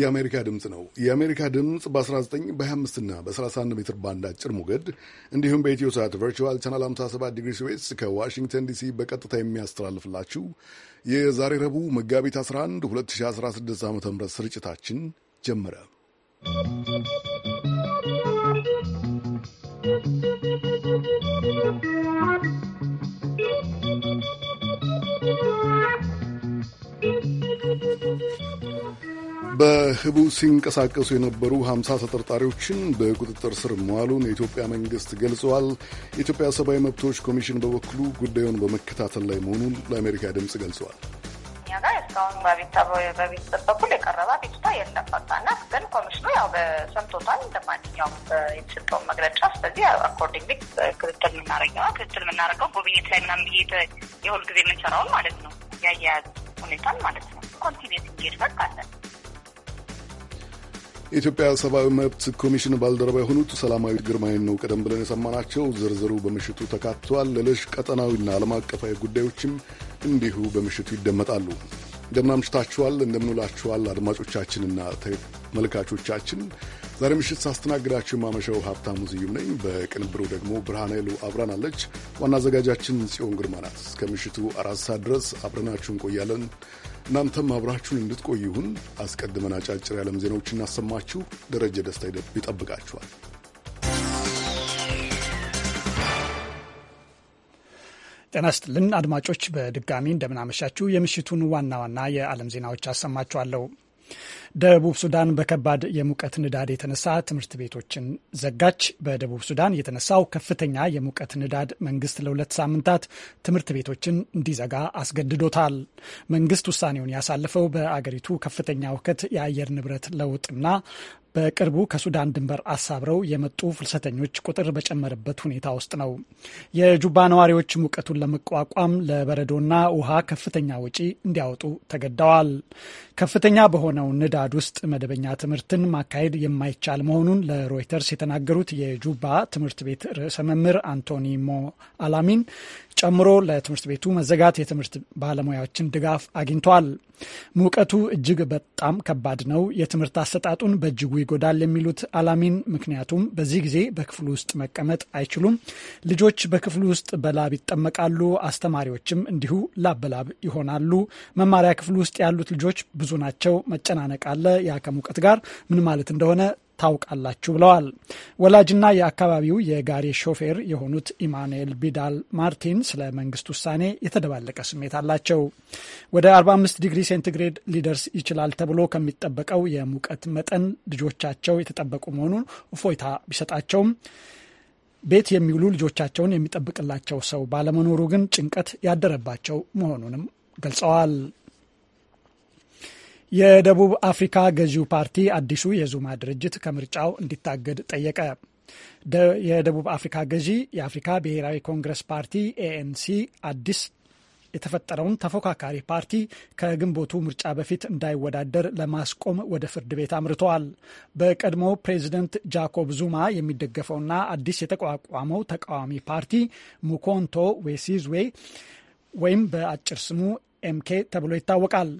የአሜሪካ ድምፅ ነው። የአሜሪካ ድምፅ በ19 በ25 ና በ31 ሜትር ባንድ አጭር ሞገድ እንዲሁም በኢትዮ ሰዓት ቨርቹዋል ቻናል 57 ዲግሪ ስዌስ ከዋሽንግተን ዲሲ በቀጥታ የሚያስተላልፍላችሁ የዛሬ ረቡዕ መጋቢት 11 2016 ዓ ም ስርጭታችን ጀመረ። በህቡ ሲንቀሳቀሱ የነበሩ 50 ተጠርጣሪዎችን በቁጥጥር ስር መዋሉን የኢትዮጵያ መንግሥት ገልጸዋል። የኢትዮጵያ ሰብአዊ መብቶች ኮሚሽን በበኩሉ ጉዳዩን በመከታተል ላይ መሆኑን ለአሜሪካ ድምፅ ገልጸዋል። እኛ ጋር እስካሁን በቤተሰብ በኩል የቀረበ ቤቱታ የለም። ግን ኮሚሽኑ ያው በሰምቶታል እንደማንኛውም የተሰጠውን መግለጫ። ስለዚህ አኮርዲንግ ክትትል የምናደርገው ክትትል የምናደርገው ጉብኝት ላይ ምናምን ብሄድ የሁል ጊዜ የምንሰራውን ማለት ነው ያያያዝ ሁኔታን ማለት ነው ኮንቲኒየስ እንጌድ በቃለን የኢትዮጵያ ሰብአዊ መብት ኮሚሽን ባልደረባ የሆኑት ሰላማዊ ግርማይን ነው ቀደም ብለን የሰማናቸው። ዝርዝሩ በምሽቱ ተካትቷል። ሌሎች ቀጠናዊና ዓለም አቀፋዊ ጉዳዮችም እንዲሁ በምሽቱ ይደመጣሉ። እንደምናምሽታችኋል፣ እንደምንውላችኋል አድማጮቻችንና ተመልካቾቻችን። ዛሬ ምሽት ሳስተናግዳችሁ የማመሻው ሀብታሙ ስዩም ነኝ። በቅንብሩ ደግሞ ብርሃን ኃይሉ አብራናለች። ዋና አዘጋጃችን ጽዮን ግርማ ናት። እስከ ምሽቱ አራት ሰዓት ድረስ አብረናችሁ እንቆያለን። እናንተም አብራችሁን ይሁን። አስቀድመን አጫጭር የዓለም ዜናዎች እናሰማችሁ። ደረጀ ደስታ ይጠብቃችኋል። ጤና ይስጥልን አድማጮች፣ በድጋሚ እንደምናመሻችሁ። የምሽቱን ዋና ዋና የዓለም ዜናዎች አሰማችኋለሁ። ደቡብ ሱዳን በከባድ የሙቀት ንዳድ የተነሳ ትምህርት ቤቶችን ዘጋች። በደቡብ ሱዳን የተነሳው ከፍተኛ የሙቀት ንዳድ መንግስት ለሁለት ሳምንታት ትምህርት ቤቶችን እንዲዘጋ አስገድዶታል። መንግስት ውሳኔውን ያሳለፈው በአገሪቱ ከፍተኛ ውከት የአየር ንብረት ለውጥና በቅርቡ ከሱዳን ድንበር አሳብረው የመጡ ፍልሰተኞች ቁጥር በጨመረበት ሁኔታ ውስጥ ነው። የጁባ ነዋሪዎች ሙቀቱን ለመቋቋም ለበረዶና ውሃ ከፍተኛ ወጪ እንዲያወጡ ተገደዋል። ከፍተኛ በሆነው ንዳድ ውስጥ መደበኛ ትምህርትን ማካሄድ የማይቻል መሆኑን ለሮይተርስ የተናገሩት የጁባ ትምህርት ቤት ርዕሰ መምህር አንቶኒ ሞ አላሚን ጨምሮ ለትምህርት ቤቱ መዘጋት የትምህርት ባለሙያዎችን ድጋፍ አግኝተዋል። ሙቀቱ እጅግ በጣም ከባድ ነው፣ የትምህርት አሰጣጡን በእጅጉ ይጎዳል የሚሉት አላሚን ምክንያቱም በዚህ ጊዜ በክፍሉ ውስጥ መቀመጥ አይችሉም። ልጆች በክፍሉ ውስጥ በላብ ይጠመቃሉ፣ አስተማሪዎችም እንዲሁ ላብ በላብ ይሆናሉ። መማሪያ ክፍል ውስጥ ያሉት ልጆች ብዙ ናቸው። መጨናነቅ አለ። ያ ከሙቀት ጋር ምን ማለት እንደሆነ ታውቃላችሁ ብለዋል። ወላጅና የአካባቢው የጋሪ ሾፌር የሆኑት ኢማኑኤል ቢዳል ማርቲን ስለ መንግስት ውሳኔ የተደባለቀ ስሜት አላቸው። ወደ 45 ዲግሪ ሴንቲግሬድ ሊደርስ ይችላል ተብሎ ከሚጠበቀው የሙቀት መጠን ልጆቻቸው የተጠበቁ መሆኑን እፎይታ ቢሰጣቸውም ቤት የሚውሉ ልጆቻቸውን የሚጠብቅላቸው ሰው ባለመኖሩ ግን ጭንቀት ያደረባቸው መሆኑንም ገልጸዋል። የደቡብ አፍሪካ ገዢው ፓርቲ አዲሱ የዙማ ድርጅት ከምርጫው እንዲታገድ ጠየቀ። የደቡብ አፍሪካ ገዢ የአፍሪካ ብሔራዊ ኮንግረስ ፓርቲ ኤኤንሲ አዲስ የተፈጠረውን ተፎካካሪ ፓርቲ ከግንቦቱ ምርጫ በፊት እንዳይወዳደር ለማስቆም ወደ ፍርድ ቤት አምርተዋል። በቀድሞው ፕሬዚደንት ጃኮብ ዙማ የሚደገፈውና አዲስ የተቋቋመው ተቃዋሚ ፓርቲ ሙኮንቶ ዌሲዝዌ ወይም በአጭር ስሙ ኤምኬ ተብሎ ይታወቃል።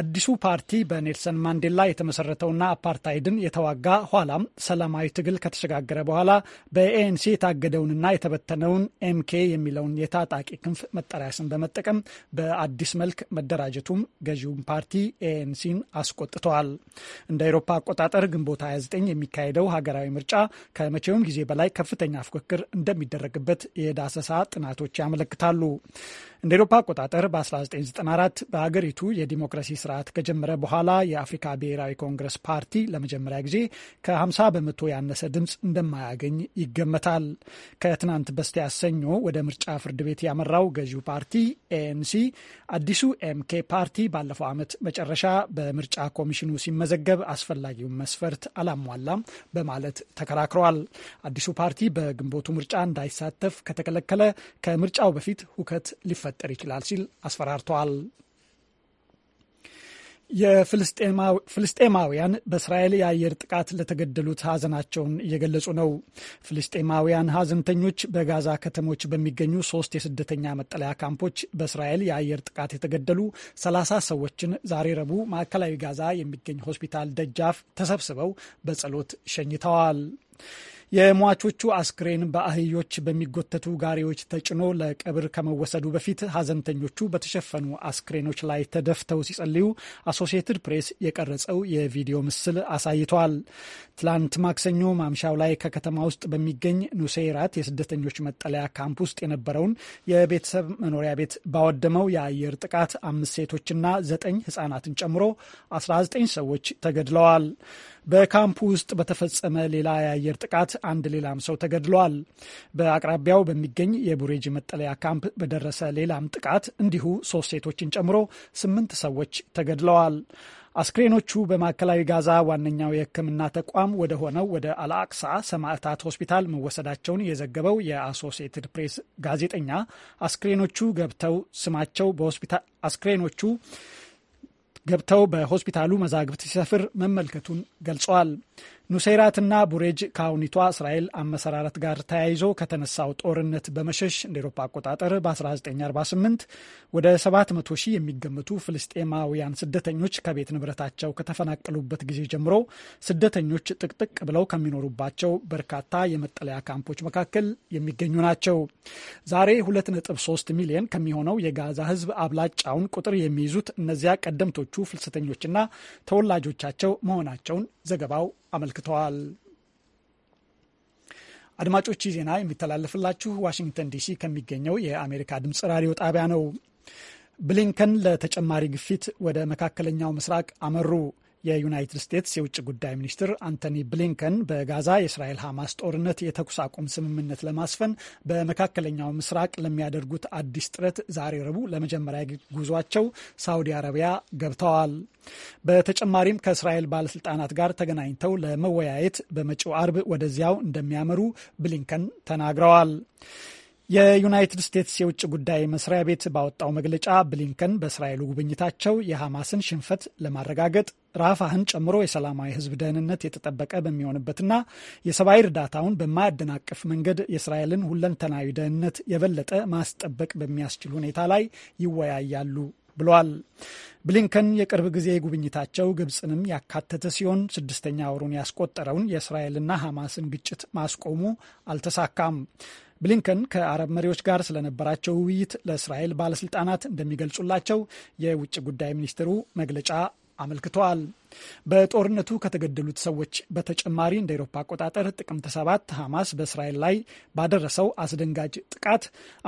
አዲሱ ፓርቲ በኔልሰን ማንዴላ የተመሰረተውና አፓርታይድን የተዋጋ ኋላም ሰላማዊ ትግል ከተሸጋገረ በኋላ በኤኤንሲ የታገደውንና የተበተነውን ኤምኬ የሚለውን የታጣቂ ክንፍ መጠሪያ ስም በመጠቀም በአዲስ መልክ መደራጀቱም ገዢውን ፓርቲ ኤኤንሲን አስቆጥተዋል። እንደ አውሮፓ አቆጣጠር ግንቦት 29 የሚካሄደው ሀገራዊ ምርጫ ከመቼውም ጊዜ በላይ ከፍተኛ ፉክክር እንደሚደረግበት የዳሰሳ ጥናቶች ያመለክታሉ። እንደ ኤሮፓ አቆጣጠር በ1994 በሀገሪቱ የዲሞክራሲ ስርዓት ከጀመረ በኋላ የአፍሪካ ብሔራዊ ኮንግረስ ፓርቲ ለመጀመሪያ ጊዜ ከ50 በመቶ ያነሰ ድምፅ እንደማያገኝ ይገመታል። ከትናንት በስቲያ ሰኞ ወደ ምርጫ ፍርድ ቤት ያመራው ገዢው ፓርቲ ኤኤንሲ አዲሱ ኤምኬ ፓርቲ ባለፈው ዓመት መጨረሻ በምርጫ ኮሚሽኑ ሲመዘገብ አስፈላጊውን መስፈርት አላሟላም በማለት ተከራክረዋል። አዲሱ ፓርቲ በግንቦቱ ምርጫ እንዳይሳተፍ ከተከለከለ ከምርጫው በፊት ሁከት ሊፈ ሊፈጠር ይችላል ሲል አስፈራርተዋል። የፍልስጤማውያን በእስራኤል የአየር ጥቃት ለተገደሉት ሀዘናቸውን እየገለጹ ነው። ፍልስጤማውያን ሀዘንተኞች በጋዛ ከተሞች በሚገኙ ሶስት የስደተኛ መጠለያ ካምፖች በእስራኤል የአየር ጥቃት የተገደሉ ሰላሳ ሰዎችን ዛሬ ረቡዕ ማዕከላዊ ጋዛ የሚገኝ ሆስፒታል ደጃፍ ተሰብስበው በጸሎት ሸኝተዋል። የሟቾቹ አስክሬን በአህዮች በሚጎተቱ ጋሪዎች ተጭኖ ለቀብር ከመወሰዱ በፊት ሀዘንተኞቹ በተሸፈኑ አስክሬኖች ላይ ተደፍተው ሲጸልዩ አሶሲየትድ ፕሬስ የቀረጸው የቪዲዮ ምስል አሳይቷል። ትላንት ማክሰኞ ማምሻው ላይ ከከተማ ውስጥ በሚገኝ ኑሴራት የስደተኞች መጠለያ ካምፕ ውስጥ የነበረውን የቤተሰብ መኖሪያ ቤት ባወደመው የአየር ጥቃት አምስት ሴቶችና ዘጠኝ ህጻናትን ጨምሮ 19 ሰዎች ተገድለዋል። በካምፕ ውስጥ በተፈጸመ ሌላ የአየር ጥቃት አንድ ሌላም ሰው ተገድለዋል። በአቅራቢያው በሚገኝ የቡሬጅ መጠለያ ካምፕ በደረሰ ሌላም ጥቃት እንዲሁ ሶስት ሴቶችን ጨምሮ ስምንት ሰዎች ተገድለዋል። አስክሬኖቹ በማዕከላዊ ጋዛ ዋነኛው የሕክምና ተቋም ወደ ሆነው ወደ አልአቅሳ ሰማዕታት ሆስፒታል መወሰዳቸውን የዘገበው የአሶሲኤትድ ፕሬስ ጋዜጠኛ አስክሬኖቹ ገብተው ስማቸው በሆስፒታል አስክሬኖቹ ገብተው በሆስፒታሉ መዛግብት ሲሰፍር መመልከቱን ገልጸዋል። ኑሴራትና ቡሬጅ ከአሁኒቷ እስራኤል አመሰራረት ጋር ተያይዞ ከተነሳው ጦርነት በመሸሽ እንደ ኤሮፓ አቆጣጠር በ1948 ወደ 700 ሺህ የሚገመቱ ፍልስጤማውያን ስደተኞች ከቤት ንብረታቸው ከተፈናቀሉበት ጊዜ ጀምሮ ስደተኞች ጥቅጥቅ ብለው ከሚኖሩባቸው በርካታ የመጠለያ ካምፖች መካከል የሚገኙ ናቸው። ዛሬ 2.3 ሚሊዮን ከሚሆነው የጋዛ ሕዝብ አብላጫውን ቁጥር የሚይዙት እነዚያ ቀደምቶቹ ፍልሰተኞችና ተወላጆቻቸው መሆናቸውን ዘገባው አመልክተዋል። አድማጮች ዜና የሚተላለፍላችሁ ዋሽንግተን ዲሲ ከሚገኘው የአሜሪካ ድምፅ ራዲዮ ጣቢያ ነው። ብሊንከን ለተጨማሪ ግፊት ወደ መካከለኛው ምስራቅ አመሩ። የዩናይትድ ስቴትስ የውጭ ጉዳይ ሚኒስትር አንቶኒ ብሊንከን በጋዛ የእስራኤል ሐማስ ጦርነት የተኩስ አቁም ስምምነት ለማስፈን በመካከለኛው ምስራቅ ለሚያደርጉት አዲስ ጥረት ዛሬ ረቡዕ ለመጀመሪያ ጉዟቸው ሳውዲ አረቢያ ገብተዋል። በተጨማሪም ከእስራኤል ባለስልጣናት ጋር ተገናኝተው ለመወያየት በመጪው አርብ ወደዚያው እንደሚያመሩ ብሊንከን ተናግረዋል። የዩናይትድ ስቴትስ የውጭ ጉዳይ መስሪያ ቤት ባወጣው መግለጫ ብሊንከን በእስራኤሉ ጉብኝታቸው የሐማስን ሽንፈት ለማረጋገጥ ራፋህን ጨምሮ የሰላማዊ ህዝብ ደህንነት የተጠበቀ በሚሆንበትና የሰብአዊ እርዳታውን በማያደናቅፍ መንገድ የእስራኤልን ሁለንተናዊ ደህንነት የበለጠ ማስጠበቅ በሚያስችል ሁኔታ ላይ ይወያያሉ ብለዋል። ብሊንከን የቅርብ ጊዜ ጉብኝታቸው ግብፅንም ያካተተ ሲሆን ስድስተኛ ወሩን ያስቆጠረውን የእስራኤልና ሐማስን ግጭት ማስቆሙ አልተሳካም። ብሊንከን ከአረብ መሪዎች ጋር ስለነበራቸው ውይይት ለእስራኤል ባለስልጣናት እንደሚገልጹላቸው የውጭ ጉዳይ ሚኒስትሩ መግለጫ አመልክቷል። በጦርነቱ ከተገደሉት ሰዎች በተጨማሪ እንደ ኤሮፓ አቆጣጠር ጥቅምት 7 ሐማስ በእስራኤል ላይ ባደረሰው አስደንጋጭ ጥቃት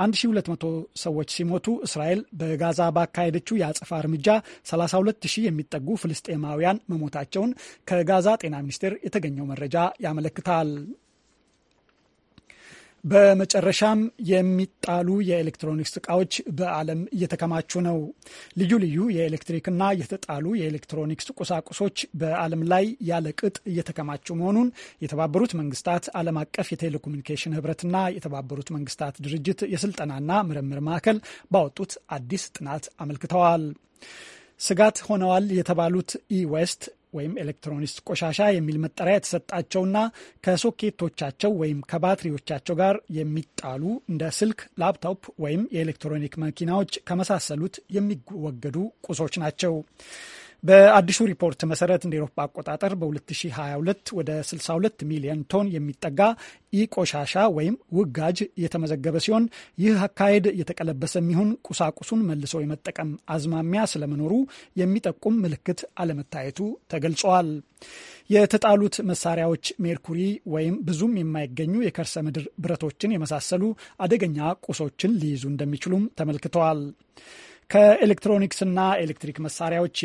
1200 ሰዎች ሲሞቱ እስራኤል በጋዛ ባካሄደችው የአጽፋ እርምጃ 32000 የሚጠጉ ፍልስጤማውያን መሞታቸውን ከጋዛ ጤና ሚኒስቴር የተገኘው መረጃ ያመለክታል። በመጨረሻም የሚጣሉ የኤሌክትሮኒክስ እቃዎች በዓለም እየተከማቹ ነው። ልዩ ልዩ የኤሌክትሪክና የተጣሉ የኤሌክትሮኒክስ ቁሳቁሶች በዓለም ላይ ያለ ቅጥ እየተከማቹ መሆኑን የተባበሩት መንግስታት ዓለም አቀፍ የቴሌኮሙኒኬሽን ህብረትና የተባበሩት መንግስታት ድርጅት የስልጠናና ምርምር ማዕከል ባወጡት አዲስ ጥናት አመልክተዋል። ስጋት ሆነዋል የተባሉት ኢ ዌስት ወይም ኤሌክትሮኒክስ ቆሻሻ የሚል መጠሪያ የተሰጣቸውና ከሶኬቶቻቸው ወይም ከባትሪዎቻቸው ጋር የሚጣሉ እንደ ስልክ፣ ላፕቶፕ ወይም የኤሌክትሮኒክ መኪናዎች ከመሳሰሉት የሚወገዱ ቁሶች ናቸው። በአዲሱ ሪፖርት መሰረት እንደ ኤሮፓ አቆጣጠር በ2022 ወደ 62 ሚሊዮን ቶን የሚጠጋ ኢቆሻሻ ወይም ውጋጅ የተመዘገበ ሲሆን ይህ አካሄድ የተቀለበሰ የሚሆን ቁሳቁሱን መልሶ የመጠቀም አዝማሚያ ስለመኖሩ የሚጠቁም ምልክት አለመታየቱ ተገልጿል። የተጣሉት መሳሪያዎች ሜርኩሪ ወይም ብዙም የማይገኙ የከርሰ ምድር ብረቶችን የመሳሰሉ አደገኛ ቁሶችን ሊይዙ እንደሚችሉም ተመልክተዋል። ከኤሌክትሮኒክስና ኤሌክትሪክ መሳሪያዎች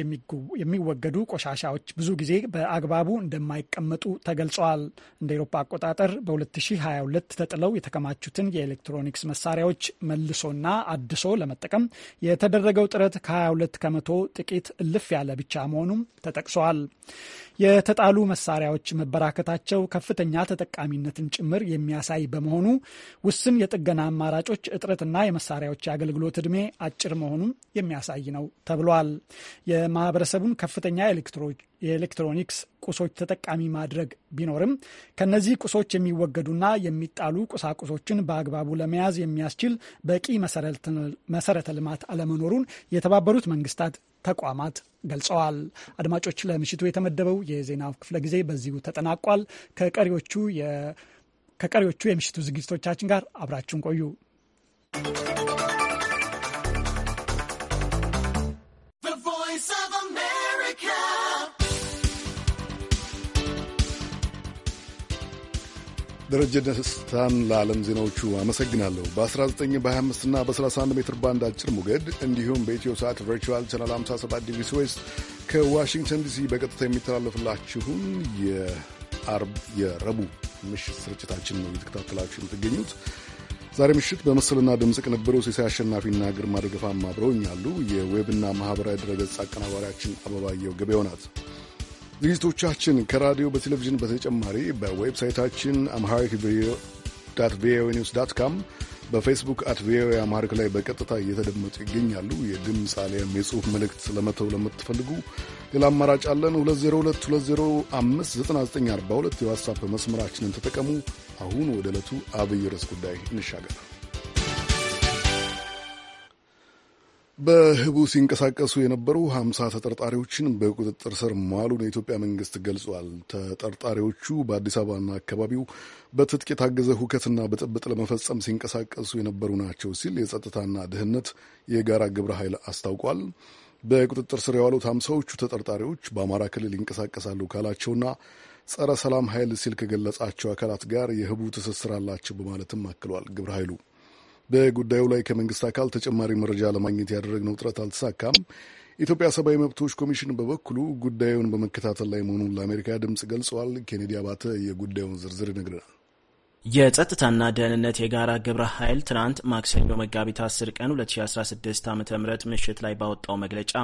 የሚወገዱ ቆሻሻዎች ብዙ ጊዜ በአግባቡ እንደማይቀመጡ ተገልጸዋል። እንደ ኤሮፓ አቆጣጠር በ2022 ተጥለው የተከማቹትን የኤሌክትሮኒክስ መሳሪያዎች መልሶና አድሶ ለመጠቀም የተደረገው ጥረት ከ22 ከመቶ ጥቂት እልፍ ያለ ብቻ መሆኑም ተጠቅሷል። የተጣሉ መሳሪያዎች መበራከታቸው ከፍተኛ ተጠቃሚነትን ጭምር የሚያሳይ በመሆኑ ውስን የጥገና አማራጮች እጥረትና የመሳሪያዎች የአገልግሎት ዕድሜ አጭር መሆኑ መሆኑን የሚያሳይ ነው ተብሏል። የማህበረሰቡን ከፍተኛ የኤሌክትሮኒክስ ቁሶች ተጠቃሚ ማድረግ ቢኖርም ከነዚህ ቁሶች የሚወገዱና የሚጣሉ ቁሳቁሶችን በአግባቡ ለመያዝ የሚያስችል በቂ መሰረተ ልማት አለመኖሩን የተባበሩት መንግስታት ተቋማት ገልጸዋል። አድማጮች፣ ለምሽቱ የተመደበው የዜናው ክፍለ ጊዜ በዚሁ ተጠናቋል። ከቀሪዎቹ ከቀሪዎቹ የምሽቱ ዝግጅቶቻችን ጋር አብራችሁን ቆዩ። ደረጀ ደስታን ለዓለም ዜናዎቹ አመሰግናለሁ። በ19 በ25 እና በ31 ሜትር ባንድ አጭር ሞገድ እንዲሁም በኢትዮ ሰዓት ቨርቹዋል ቻናል 57 ዲቪ ስዌስት ከዋሽንግተን ዲሲ በቀጥታ የሚተላለፍላችሁን የአርብ የረቡዕ ምሽት ስርጭታችን ነው እየተከታተላችሁ የምትገኙት። ዛሬ ምሽት በምስልና ድምፅ ቅንብሩ ሲሳይ አሸናፊና ግርማ ደገፋም አብረውኛሉ። የዌብና ማኅበራዊ ድረገጽ አቀናባሪያችን አበባየው ገበያው ናት። ዝግጅቶቻችን ከራዲዮ በቴሌቪዥን በተጨማሪ በዌብሳይታችን አምሃሪክ ቪኦኤ ኒውስ ዳት ካም በፌስቡክ አት ቪኦኤ አማሪክ ላይ በቀጥታ እየተደመጡ ይገኛሉ። የድምፅ አሊያም የጽሁፍ መልእክት ለመተው ለምትፈልጉ ሌላ አማራጭ አለን። 2022059942 የዋትሳፕ መስመራችንን ተጠቀሙ። አሁን ወደ ዕለቱ አብይ ርዕስ ጉዳይ እንሻገር። በህቡ ሲንቀሳቀሱ የነበሩ ሀምሳ ተጠርጣሪዎችን በቁጥጥር ስር መዋሉን የኢትዮጵያ መንግስት ገልጿል። ተጠርጣሪዎቹ በአዲስ አበባና አካባቢው በትጥቅ የታገዘ ሁከትና ብጥብጥ ለመፈጸም ሲንቀሳቀሱ የነበሩ ናቸው ሲል የጸጥታና ደህንነት የጋራ ግብረ ኃይል አስታውቋል። በቁጥጥር ስር የዋሉት ሀምሳዎቹ ተጠርጣሪዎች በአማራ ክልል ይንቀሳቀሳሉ ካላቸውና ጸረ ሰላም ኃይል ሲል ከገለጻቸው አካላት ጋር የህቡ ትስስር አላቸው በማለትም አክሏል ግብረ ኃይሉ። በጉዳዩ ላይ ከመንግስት አካል ተጨማሪ መረጃ ለማግኘት ያደረግነው ጥረት አልተሳካም። ኢትዮጵያ ሰብአዊ መብቶች ኮሚሽን በበኩሉ ጉዳዩን በመከታተል ላይ መሆኑን ለአሜሪካ ድምፅ ገልጿል። ኬኔዲ አባተ የጉዳዩን ዝርዝር ይነግረናል። የጸጥታና ደህንነት የጋራ ግብረ ኃይል ትናንት ማክሰኞ መጋቢት 10 ቀን 2016 ዓ ም ምሽት ላይ ባወጣው መግለጫ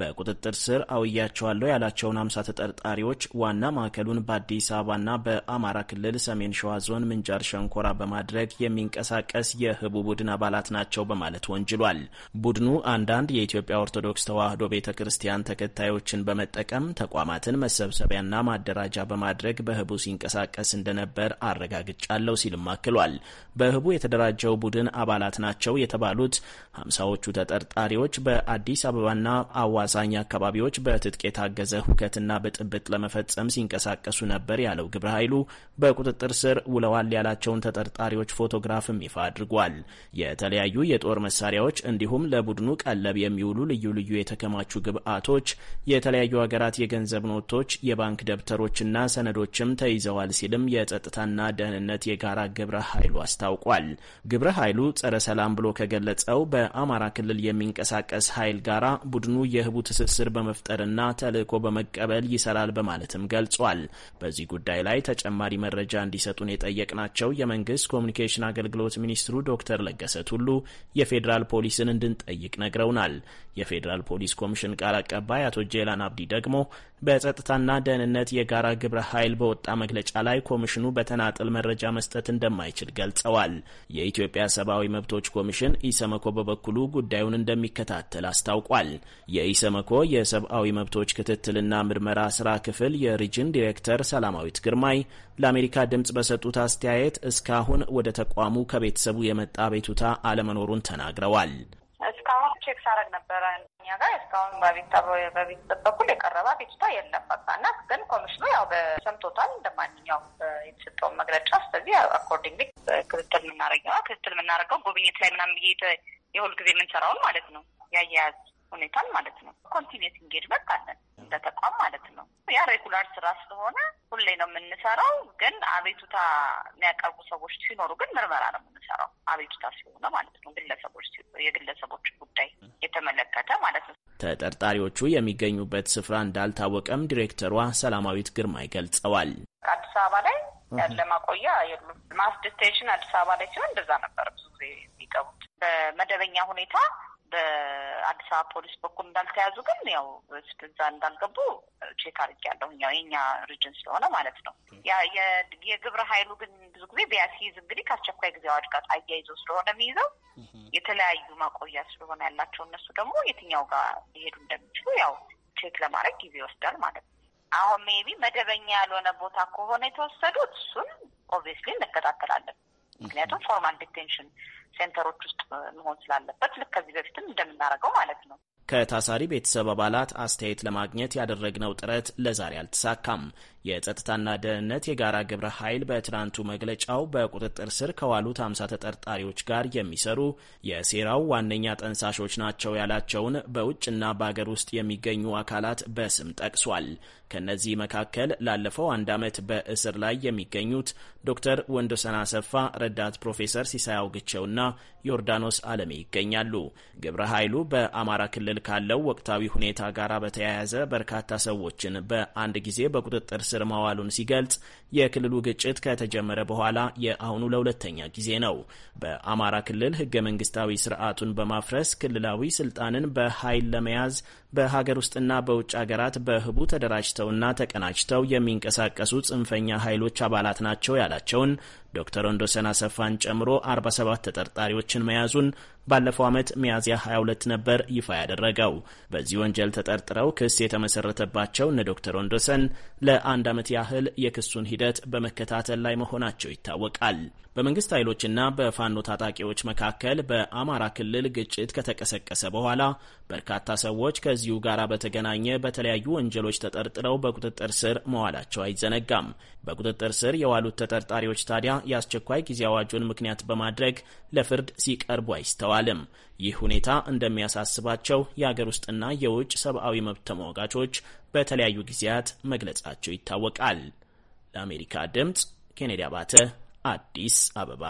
በቁጥጥር ስር አውያቸዋለሁ ያላቸውን አምሳ ተጠርጣሪዎች ዋና ማዕከሉን በአዲስ አበባና በአማራ ክልል ሰሜን ሸዋ ዞን ምንጃር ሸንኮራ በማድረግ የሚንቀሳቀስ የህቡ ቡድን አባላት ናቸው በማለት ወንጅሏል። ቡድኑ አንዳንድ የኢትዮጵያ ኦርቶዶክስ ተዋህዶ ቤተ ክርስቲያን ተከታዮችን በመጠቀም ተቋማትን መሰብሰቢያና ማደራጃ በማድረግ በህቡ ሲንቀሳቀስ እንደነበር አረጋግጫለሁ ሲልም አክሏል። በህቡ የተደራጀው ቡድን አባላት ናቸው የተባሉት ሀምሳዎቹ ተጠርጣሪዎች በአዲስ አበባና አዋ ማሳኛ አካባቢዎች በትጥቅ የታገዘ ሁከትና ብጥብጥ ለመፈጸም ሲንቀሳቀሱ ነበር ያለው ግብረ ኃይሉ በቁጥጥር ስር ውለዋል ያላቸውን ተጠርጣሪዎች ፎቶግራፍም ይፋ አድርጓል። የተለያዩ የጦር መሳሪያዎች እንዲሁም ለቡድኑ ቀለብ የሚውሉ ልዩ ልዩ የተከማቹ ግብዓቶች፣ የተለያዩ ሀገራት የገንዘብ ኖቶች፣ የባንክ ደብተሮችና ሰነዶችም ተይዘዋል ሲልም የጸጥታና ደህንነት የጋራ ግብረ ኃይሉ አስታውቋል። ግብረ ኃይሉ ጸረ ሰላም ብሎ ከገለጸው በአማራ ክልል የሚንቀሳቀስ ኃይል ጋራ ቡድኑ የህቡ በህዝቡ ትስስር በመፍጠርና ተልእኮ በመቀበል ይሰራል በማለትም ገልጿል። በዚህ ጉዳይ ላይ ተጨማሪ መረጃ እንዲሰጡን የጠየቅናቸው የመንግስት ኮሚኒኬሽን አገልግሎት ሚኒስትሩ ዶክተር ለገሰ ቱሉ የፌዴራል ፖሊስን እንድንጠይቅ ነግረውናል። የፌዴራል ፖሊስ ኮሚሽን ቃል አቀባይ አቶ ጄላን አብዲ ደግሞ በጸጥታና ደህንነት የጋራ ግብረ ኃይል በወጣ መግለጫ ላይ ኮሚሽኑ በተናጥል መረጃ መስጠት እንደማይችል ገልጸዋል። የኢትዮጵያ ሰብአዊ መብቶች ኮሚሽን ኢሰመኮ በበኩሉ ጉዳዩን እንደሚከታተል አስታውቋል። የኢሰ ኢሰመኮ የሰብአዊ መብቶች ክትትልና ምርመራ ስራ ክፍል የሪጅን ዲሬክተር ሰላማዊት ግርማይ ለአሜሪካ ድምፅ በሰጡት አስተያየት እስካሁን ወደ ተቋሙ ከቤተሰቡ የመጣ ቤቱታ አለመኖሩን ተናግረዋል። እስካሁን ቼክ ሳረግ ነበረ እኛ ጋር እስካሁን በቤተሰብ በኩል የቀረበ ቤቱታ የለም። በቃ እና ግን ኮሚሽኑ ያው በሰምቶታል እንደማንኛውም የተሰጠውን መግለጫ። ስለዚህ አኮርዲንግ ክትትል የምናደርገው ክትትል የምናደርገው ጉብኝት ላይ ምናምን የሁል ጊዜ የምንሰራውን ማለት ነው ያያያዝ ሁኔታን ማለት ነው። ኮንቲኒየስ ኢንጌጅመንት አለን እንደ ተቋም ማለት ነው። ያ ሬጉላር ስራ ስለሆነ ሁሌ ነው የምንሰራው። ግን አቤቱታ የሚያቀርቡ ሰዎች ሲኖሩ ግን ምርመራ ነው የምንሰራው። አቤቱታ ሲሆነ ማለት ነው። ግለሰቦች የግለሰቦች ጉዳይ የተመለከተ ማለት ነው። ተጠርጣሪዎቹ የሚገኙበት ስፍራ እንዳልታወቀም ዲሬክተሯ ሰላማዊት ግርማ ይገልጸዋል። አዲስ አበባ ላይ ያለ ማቆያ የሉም። ማስ አዲስ አበባ ላይ ሲሆን እንደዛ ነበር ብዙ ጊዜ የሚገቡት በመደበኛ ሁኔታ በአዲስ አበባ ፖሊስ በኩል እንዳልተያዙ ግን ያው እስከዛ እንዳልገቡ ቼክ አድርጌያለሁ። ያው የኛ ሪጅን ስለሆነ ማለት ነው። የግብረ ኃይሉ ግን ብዙ ጊዜ ቢያስይዝ እንግዲህ ከአስቸኳይ ጊዜ አዋጅ ጋር አያይዞ ስለሆነ የሚይዘው የተለያዩ ማቆያ ስለሆነ ያላቸው እነሱ ደግሞ የትኛው ጋር ሊሄዱ እንደሚችሉ ያው ቼክ ለማድረግ ጊዜ ይወስዳል ማለት ነው። አሁን ሜቢ መደበኛ ያልሆነ ቦታ ከሆነ የተወሰዱት እሱን ኦብቪየስሊ እንከታተላለን። ምክንያቱም ፎርማል ዲቴንሽን ሴንተሮች ውስጥ መሆን ስላለበት ልክ ከዚህ በፊትም እንደምናደርገው ማለት ነው። ከታሳሪ ቤተሰብ አባላት አስተያየት ለማግኘት ያደረግነው ጥረት ለዛሬ አልተሳካም። የጸጥታና ደህንነት የጋራ ግብረ ኃይል በትናንቱ መግለጫው በቁጥጥር ስር ከዋሉት አምሳ ተጠርጣሪዎች ጋር የሚሰሩ የሴራው ዋነኛ ጠንሳሾች ናቸው ያላቸውን በውጭና በአገር ውስጥ የሚገኙ አካላት በስም ጠቅሷል። ከእነዚህ መካከል ላለፈው አንድ ዓመት በእስር ላይ የሚገኙት ዶክተር ወንዶሰን አሰፋ፣ ረዳት ፕሮፌሰር ሲሳይ አውግቸውና ዮርዳኖስ አለሜ ይገኛሉ። ግብረ ኃይሉ በአማራ ክልል ካለው ወቅታዊ ሁኔታ ጋር በተያያዘ በርካታ ሰዎችን በአንድ ጊዜ በቁጥጥር ስር ስር መዋሉን ሲገልጽ የክልሉ ግጭት ከተጀመረ በኋላ የአሁኑ ለሁለተኛ ጊዜ ነው። በአማራ ክልል ህገ መንግስታዊ ስርዓቱን በማፍረስ ክልላዊ ስልጣንን በኃይል ለመያዝ በሀገር ውስጥና በውጭ ሀገራት በህቡ ተደራጅተውና ተቀናጅተው የሚንቀሳቀሱ ጽንፈኛ ኃይሎች አባላት ናቸው ያላቸውን ዶክተር ወንዶሰን አሰፋን ጨምሮ 47 ተጠርጣሪዎችን መያዙን ባለፈው ዓመት ሚያዝያ 22 ነበር ይፋ ያደረገው። በዚህ ወንጀል ተጠርጥረው ክስ የተመሰረተባቸው እነ ዶክተር ወንዶሰን ለአንድ ዓመት ያህል የክሱን ሂደት በመከታተል ላይ መሆናቸው ይታወቃል። በመንግስት ኃይሎችና በፋኖ ታጣቂዎች መካከል በአማራ ክልል ግጭት ከተቀሰቀሰ በኋላ በርካታ ሰዎች ከዚሁ ጋር በተገናኘ በተለያዩ ወንጀሎች ተጠርጥረው በቁጥጥር ስር መዋላቸው አይዘነጋም። በቁጥጥር ስር የዋሉት ተጠርጣሪዎች ታዲያ የአስቸኳይ ጊዜ አዋጁን ምክንያት በማድረግ ለፍርድ ሲቀርቡ አይስተዋልም። ይህ ሁኔታ እንደሚያሳስባቸው የአገር ውስጥና የውጭ ሰብአዊ መብት ተሟጋቾች በተለያዩ ጊዜያት መግለጻቸው ይታወቃል። ለአሜሪካ ድምፅ ኬኔዲ አባተ አዲስ አበባ።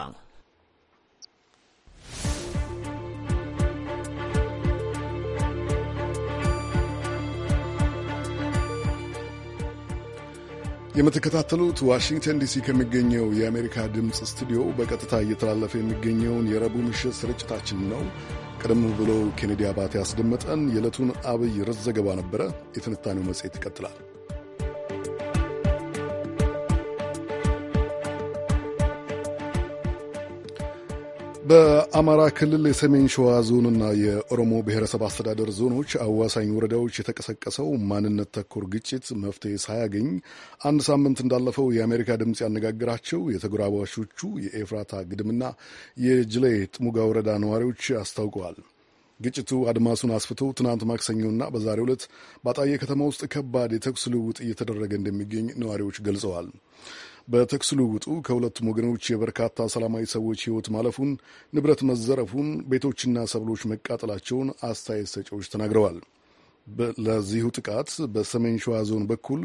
የምትከታተሉት ዋሽንግተን ዲሲ ከሚገኘው የአሜሪካ ድምፅ ስቱዲዮ በቀጥታ እየተላለፈ የሚገኘውን የረቡዕ ምሽት ስርጭታችን ነው። ቀደም ብሎ ኬኔዲ አባተ ያስደመጠን የዕለቱን አብይ ርዕስ ዘገባ ነበረ። የትንታኔው መጽሔት ይቀጥላል። በአማራ ክልል የሰሜን ሸዋ ዞንና የኦሮሞ ብሔረሰብ አስተዳደር ዞኖች አዋሳኝ ወረዳዎች የተቀሰቀሰው ማንነት ተኮር ግጭት መፍትሄ ሳያገኝ አንድ ሳምንት እንዳለፈው የአሜሪካ ድምፅ ያነጋግራቸው የተጎራባሾቹ የኤፍራታ ግድምና የጅሌ ጥሙጋ ወረዳ ነዋሪዎች አስታውቀዋል። ግጭቱ አድማሱን አስፍቶ ትናንት ማክሰኞና በዛሬው ዕለት በአጣየ ከተማ ውስጥ ከባድ የተኩስ ልውውጥ እየተደረገ እንደሚገኝ ነዋሪዎች ገልጸዋል። በተኩስ ልውውጡ ከሁለቱም ወገኖች የበርካታ ሰላማዊ ሰዎች ሕይወት ማለፉን፣ ንብረት መዘረፉን፣ ቤቶችና ሰብሎች መቃጠላቸውን አስተያየት ሰጪዎች ተናግረዋል። ለዚሁ ጥቃት በሰሜን ሸዋ ዞን በኩል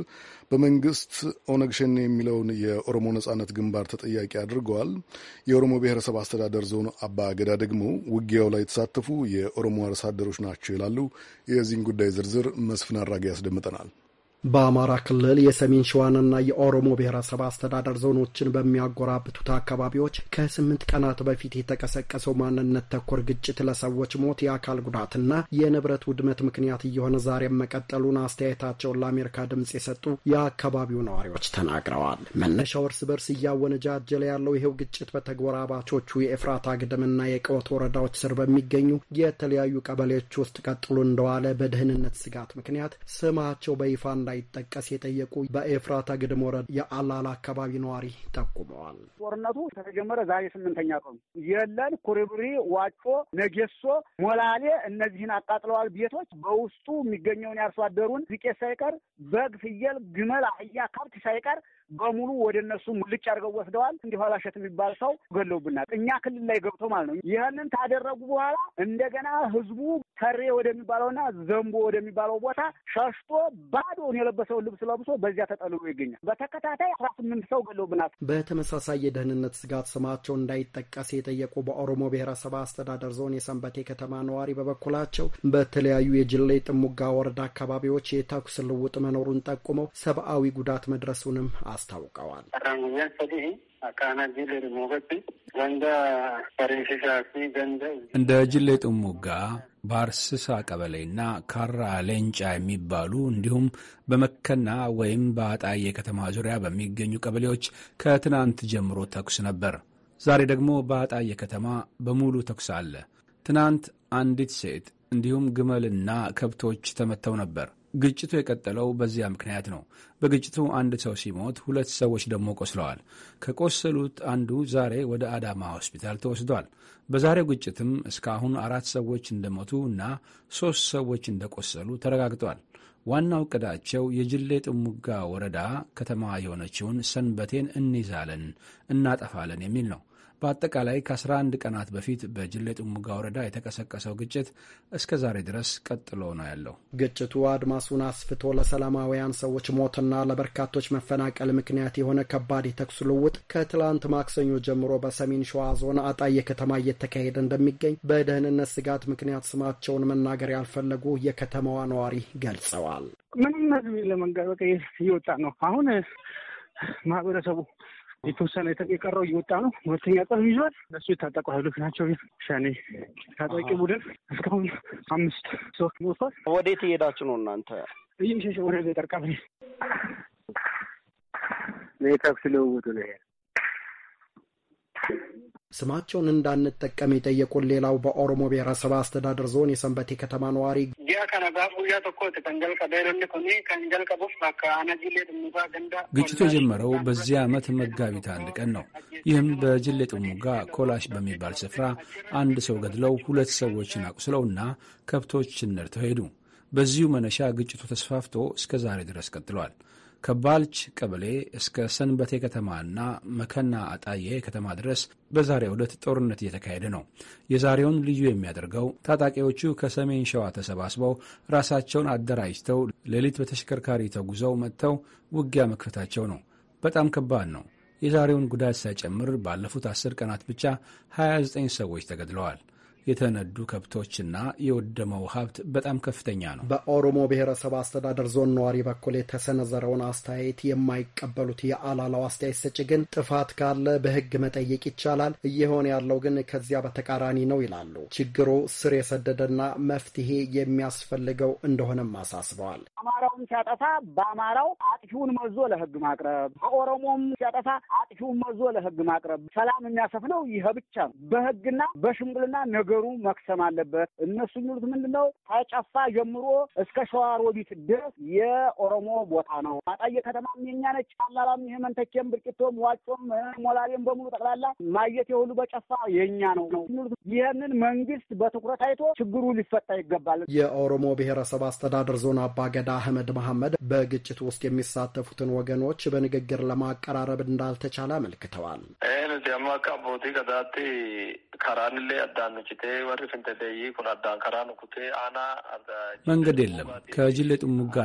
በመንግስት ኦነግ ሸኔ የሚለውን የኦሮሞ ነጻነት ግንባር ተጠያቂ አድርገዋል። የኦሮሞ ብሔረሰብ አስተዳደር ዞን አባ ገዳ ደግሞ ውጊያው ላይ የተሳተፉ የኦሮሞ አርሶ አደሮች ናቸው ይላሉ። የዚህን ጉዳይ ዝርዝር መስፍን አድራጊ ያስደምጠናል። በአማራ ክልል የሰሜን ሸዋንና የኦሮሞ ብሔረሰብ አስተዳደር ዞኖችን በሚያጎራብቱት አካባቢዎች ከስምንት ቀናት በፊት የተቀሰቀሰው ማንነት ተኮር ግጭት ለሰዎች ሞት፣ የአካል ጉዳትና የንብረት ውድመት ምክንያት እየሆነ ዛሬም መቀጠሉን አስተያየታቸውን ለአሜሪካ ድምፅ የሰጡ የአካባቢው ነዋሪዎች ተናግረዋል። መነሻው እርስ በርስ እያወነጃጀለ ያለው ይኸው ግጭት በተጎራባቾቹ የኤፍራታ ግድምና የቀወት ወረዳዎች ስር በሚገኙ የተለያዩ ቀበሌዎች ውስጥ ቀጥሎ እንደዋለ በደህንነት ስጋት ምክንያት ስማቸው በይፋ እንዳይጠቀስ የጠየቁ በኤፍራታ ግድም ወረዳ የአላላ አካባቢ ነዋሪ ጠቁመዋል። ጦርነቱ ከተጀመረ ዛሬ ስምንተኛ ቀኑ የለን ኩሪብሪ፣ ዋጮ፣ ነጌሶ፣ ሞላሌ እነዚህን አቃጥለዋል። ቤቶች በውስጡ የሚገኘውን ያርሶ አደሩን ዱቄት ሳይቀር በግ፣ ፍየል፣ ግመል፣ አህያ፣ ከብት ሳይቀር በሙሉ ወደ እነሱ ሙልጭ አድርገው ወስደዋል። እንዲህ ኋላሸት የሚባል ሰው ገለውብናል። እኛ ክልል ላይ ገብቶ ማለት ነው። ይህንን ካደረጉ በኋላ እንደገና ህዝቡ ተሬ ወደሚባለውና ዘንቦ ወደሚባለው ቦታ ሸሽቶ ባዶውን የለበሰውን ልብስ ለብሶ በዚያ ተጠልሎ ይገኛል። በተከታታይ አስራ ስምንት ሰው ገለውብናል። በተመሳሳይ የደህንነት ስጋት ስማቸው እንዳይጠቀስ የጠየቁ በኦሮሞ ብሔረሰብ አስተዳደር ዞን የሰንበቴ ከተማ ነዋሪ በበኩላቸው በተለያዩ የጅሌ ጥሙጋ ወረዳ አካባቢዎች የተኩስ ልውጥ መኖሩን ጠቁመው ሰብአዊ ጉዳት መድረሱንም አስታውቀዋል። እንደ ጅሌ ጥሙጋ በአርስሳ ቀበሌና ካራ ሌንጫ የሚባሉ እንዲሁም በመከና ወይም በአጣዬ ከተማ ዙሪያ በሚገኙ ቀበሌዎች ከትናንት ጀምሮ ተኩስ ነበር። ዛሬ ደግሞ በአጣዬ ከተማ በሙሉ ተኩስ አለ። ትናንት አንዲት ሴት እንዲሁም ግመልና ከብቶች ተመተው ነበር። ግጭቱ የቀጠለው በዚያ ምክንያት ነው። በግጭቱ አንድ ሰው ሲሞት ሁለት ሰዎች ደግሞ ቆስለዋል። ከቆሰሉት አንዱ ዛሬ ወደ አዳማ ሆስፒታል ተወስዷል። በዛሬው ግጭትም እስካሁን አራት ሰዎች እንደሞቱ እና ሦስት ሰዎች እንደቆሰሉ ተረጋግጧል። ዋናው ዕቅዳቸው የጅሌ ጥሙጋ ወረዳ ከተማ የሆነችውን ሰንበቴን እንይዛለን፣ እናጠፋለን የሚል ነው። በአጠቃላይ ከ11 ቀናት በፊት በጅሌ ጥሙጋ ወረዳ የተቀሰቀሰው ግጭት እስከ ዛሬ ድረስ ቀጥሎ ነው ያለው። ግጭቱ አድማሱን አስፍቶ ለሰላማውያን ሰዎች ሞትና ለበርካቶች መፈናቀል ምክንያት የሆነ ከባድ የተኩስ ልውጥ ከትላንት ማክሰኞ ጀምሮ በሰሜን ሸዋ ዞን አጣየ ከተማ እየተካሄደ እንደሚገኝ በደህንነት ስጋት ምክንያት ስማቸውን መናገር ያልፈለጉ የከተማዋ ነዋሪ ገልጸዋል። ምንም ለመንገድ በቃ እየወጣ ነው አሁን ማህበረሰቡ የተወሰነ የቀረው እየወጣ ነው። ሁለተኛ ጦር ይዟል። እነሱ የታጠቁ ኃይሎች ናቸው። ሻኔ ታጣቂ ቡድን እስካሁን አምስት ሰዎች ሞቷል። ወዴት እየሄዳችሁ ነው እናንተ? እየሸሸ ወደ ገጠር ቀበሌ የተኩስ ልውውጡ ነው ይሄ ስማቸውን እንዳንጠቀም የጠየቁን ሌላው በኦሮሞ ብሔረሰብ አስተዳደር ዞን የሰንበቴ ከተማ ነዋሪ ግጭቱ የጀመረው በዚህ ዓመት መጋቢት አንድ ቀን ነው። ይህም በጅሌ ጥሙጋ ኮላሽ በሚባል ስፍራ አንድ ሰው ገድለው ሁለት ሰዎችን አቁስለውና ከብቶች ነድተው ሄዱ። በዚሁ መነሻ ግጭቱ ተስፋፍቶ እስከ ዛሬ ድረስ ቀጥሏል። ከባልች ቀበሌ እስከ ሰንበቴ ከተማና መከና አጣዬ ከተማ ድረስ በዛሬው ዕለት ጦርነት እየተካሄደ ነው። የዛሬውን ልዩ የሚያደርገው ታጣቂዎቹ ከሰሜን ሸዋ ተሰባስበው ራሳቸውን አደራጅተው ሌሊት በተሽከርካሪ ተጉዘው መጥተው ውጊያ መክፈታቸው ነው። በጣም ከባድ ነው። የዛሬውን ጉዳት ሳይጨምር ባለፉት አስር ቀናት ብቻ 29 ሰዎች ተገድለዋል። የተነዱ ከብቶችና የወደመው ሀብት በጣም ከፍተኛ ነው። በኦሮሞ ብሔረሰብ አስተዳደር ዞን ነዋሪ በኩል የተሰነዘረውን አስተያየት የማይቀበሉት የአላላው አስተያየት ሰጭ ግን ጥፋት ካለ በሕግ መጠየቅ ይቻላል፣ እየሆነ ያለው ግን ከዚያ በተቃራኒ ነው ይላሉ። ችግሩ ስር የሰደደና መፍትሄ የሚያስፈልገው እንደሆነም አሳስበዋል። አማራውን ሲያጠፋ በአማራው አጥፊውን መዞ ለሕግ ማቅረብ፣ በኦሮሞም ሲያጠፋ አጥፊውን መዞ ለሕግ ማቅረብ፣ ሰላም የሚያሰፍነው ይህ ብቻ ነው። በሕግና በሽምግልና ነገ ነገሩ መክሰም አለበት። እነሱ የሚሉት ምንድን ነው? ከጨፋ ጀምሮ እስከ ሸዋሮቢት ድረስ የኦሮሞ ቦታ ነው። አጣዬ ከተማም የኛ ነች። አላላም፣ ይሄ መንተኬም፣ ብርቂቶም፣ ዋጮም፣ ሞላሌም በሙሉ ጠቅላላ ማየት የሁሉ በጨፋ የኛ ነው ነው የሚሉት። ይህንን መንግስት በትኩረት አይቶ ችግሩ ሊፈታ ይገባል። የኦሮሞ ብሔረሰብ አስተዳደር ዞን አባገዳ አህመድ መሐመድ በግጭት ውስጥ የሚሳተፉትን ወገኖች በንግግር ለማቀራረብ እንዳልተቻለ አመልክተዋል። ይህን ሲያማቃ ቦቲ ከዛቲ ከራንሌ አዳንችት መንገድ የለም። ከጅሌ ጥሙጋ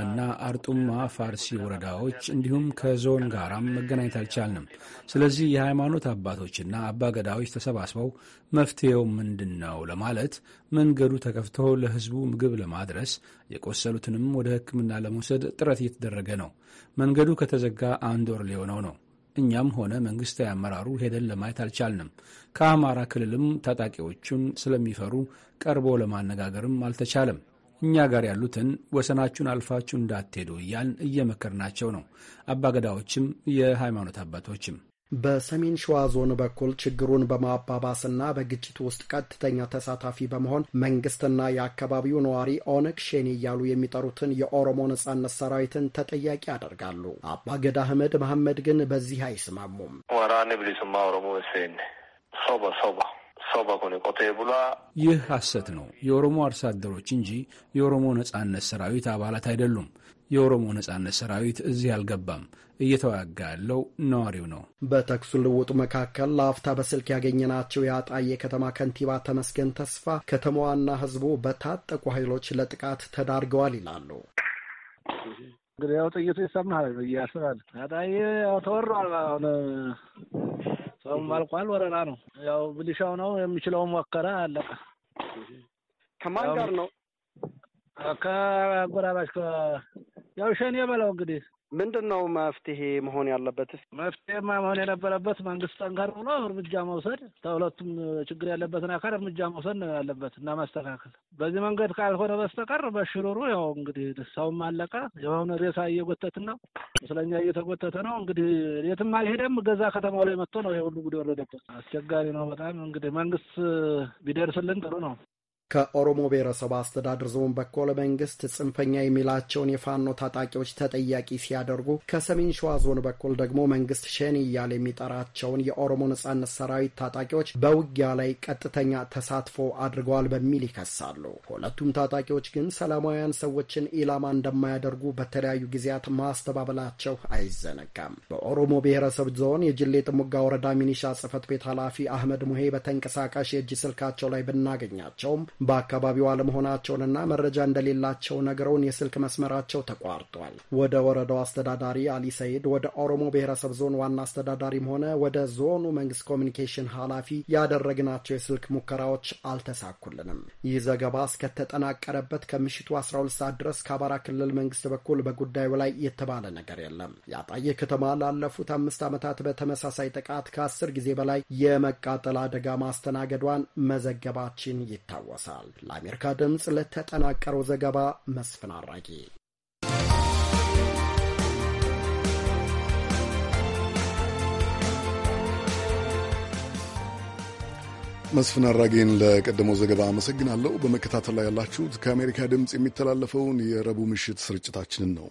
አርጡማ ፋርሲ ወረዳዎች እንዲሁም ከዞን ጋራም መገናኘት አልቻልንም። ስለዚህ የሃይማኖት አባቶችና አባገዳዎች ተሰባስበው መፍትሄው ምንድን ነው ለማለት መንገዱ ተከፍቶ ለህዝቡ ምግብ ለማድረስ የቆሰሉትንም ወደ ሕክምና ለመውሰድ ጥረት እየተደረገ ነው። መንገዱ ከተዘጋ አንድ ወር ሊሆነው ነው። እኛም ሆነ መንግስታዊ አመራሩ ሄደን ለማየት አልቻልንም። ከአማራ ክልልም ታጣቂዎቹን ስለሚፈሩ ቀርቦ ለማነጋገርም አልተቻለም። እኛ ጋር ያሉትን ወሰናችሁን አልፋችሁ እንዳትሄዱ እያልን እየመከርናቸው ነው። አባገዳዎችም የሃይማኖት አባቶችም በሰሜን ሸዋ ዞን በኩል ችግሩን በማባባስና በግጭት ውስጥ ቀጥተኛ ተሳታፊ በመሆን መንግስትና የአካባቢው ነዋሪ ኦነግ ሼኔ እያሉ የሚጠሩትን የኦሮሞ ነጻነት ሰራዊትን ተጠያቂ ያደርጋሉ። አባገዳ አህመድ መሐመድ ግን በዚህ አይስማሙም። ወራን ብሊስማ ኦሮሞ ሴን ሶባ ሶባ ይህ ሐሰት ነው። የኦሮሞ አርሶ አደሮች እንጂ የኦሮሞ ነጻነት ሰራዊት አባላት አይደሉም። የኦሮሞ ነጻነት ሰራዊት እዚህ አልገባም። እየተዋጋ ያለው ነዋሪው ነው። በተኩሱ ልውጡ መካከል ለአፍታ በስልክ ያገኘናቸው የአጣዬ ከተማ ከንቲባ ተመስገን ተስፋ ከተማዋና ሕዝቡ በታጠቁ ኃይሎች ለጥቃት ተዳርገዋል ይላሉ። እንግዲህ ያው ጥይቱ ይሰማሃል ብዬ አጣዬ ያው ተወሯል። አሁን ሰውም አልቋል። ወረራ ነው። ያው ብልሻው ነው የሚችለውን ሞከረ፣ አለቀ። ከማን ጋር ነው? ከአጎራባች ያው ሸኔ በለው እንግዲህ ምንድን ነው መፍትሄ መሆን ያለበት? መፍትሄማ መሆን የነበረበት መንግስት ጠንከር ብሎ እርምጃ መውሰድ፣ ተሁለቱም ችግር ያለበትን አካል እርምጃ መውሰድ ነው ያለበት እና ማስተካከል። በዚህ መንገድ ካልሆነ በስተቀር በሽሩሩ ያው እንግዲህ ሰውም አለቀ። የሆነ ሬሳ እየጎተት ነው፣ ምስለኛ እየተጎተተ ነው። እንግዲህ የትም አልሄደም። ገዛ ከተማው ላይ መጥቶ ነው ይሄ ሁሉ ጉድ የወረደበት። አስቸጋሪ ነው በጣም እንግዲህ መንግስት ቢደርስልን ጥሩ ነው። ከኦሮሞ ብሔረሰብ አስተዳደር ዞን በኩል መንግስት ጽንፈኛ የሚላቸውን የፋኖ ታጣቂዎች ተጠያቂ ሲያደርጉ ከሰሜን ሸዋ ዞን በኩል ደግሞ መንግስት ሸኔ እያለ የሚጠራቸውን የኦሮሞ ነጻነት ሰራዊት ታጣቂዎች በውጊያ ላይ ቀጥተኛ ተሳትፎ አድርገዋል በሚል ይከሳሉ። ሁለቱም ታጣቂዎች ግን ሰላማውያን ሰዎችን ኢላማ እንደማያደርጉ በተለያዩ ጊዜያት ማስተባበላቸው አይዘነጋም። በኦሮሞ ብሔረሰብ ዞን የጅሌ ጥሙጋ ወረዳ ሚኒሻ ጽህፈት ቤት ኃላፊ አህመድ ሙሄ በተንቀሳቃሽ የእጅ ስልካቸው ላይ ብናገኛቸውም በአካባቢው አለመሆናቸውንና መረጃ እንደሌላቸው ነግረውን የስልክ መስመራቸው ተቋርጧል። ወደ ወረዳው አስተዳዳሪ አሊ ሰይድ፣ ወደ ኦሮሞ ብሔረሰብ ዞን ዋና አስተዳዳሪም ሆነ ወደ ዞኑ መንግስት ኮሚኒኬሽን ኃላፊ ያደረግናቸው የስልክ ሙከራዎች አልተሳኩልንም። ይህ ዘገባ እስከተጠናቀረበት ከምሽቱ 12 ሰዓት ድረስ ከአማራ ክልል መንግስት በኩል በጉዳዩ ላይ የተባለ ነገር የለም። የአጣየ ከተማ ላለፉት አምስት ዓመታት በተመሳሳይ ጥቃት ከአስር ጊዜ በላይ የመቃጠል አደጋ ማስተናገዷን መዘገባችን ይታወሳል። ይደርሳል። ለአሜሪካ ድምፅ ለተጠናቀረው ዘገባ መስፍን አራጌ። መስፍን አራጌን ለቀደመው ዘገባ አመሰግናለሁ። በመከታተል ላይ ያላችሁት ከአሜሪካ ድምፅ የሚተላለፈውን የረቡዕ ምሽት ስርጭታችንን ነው።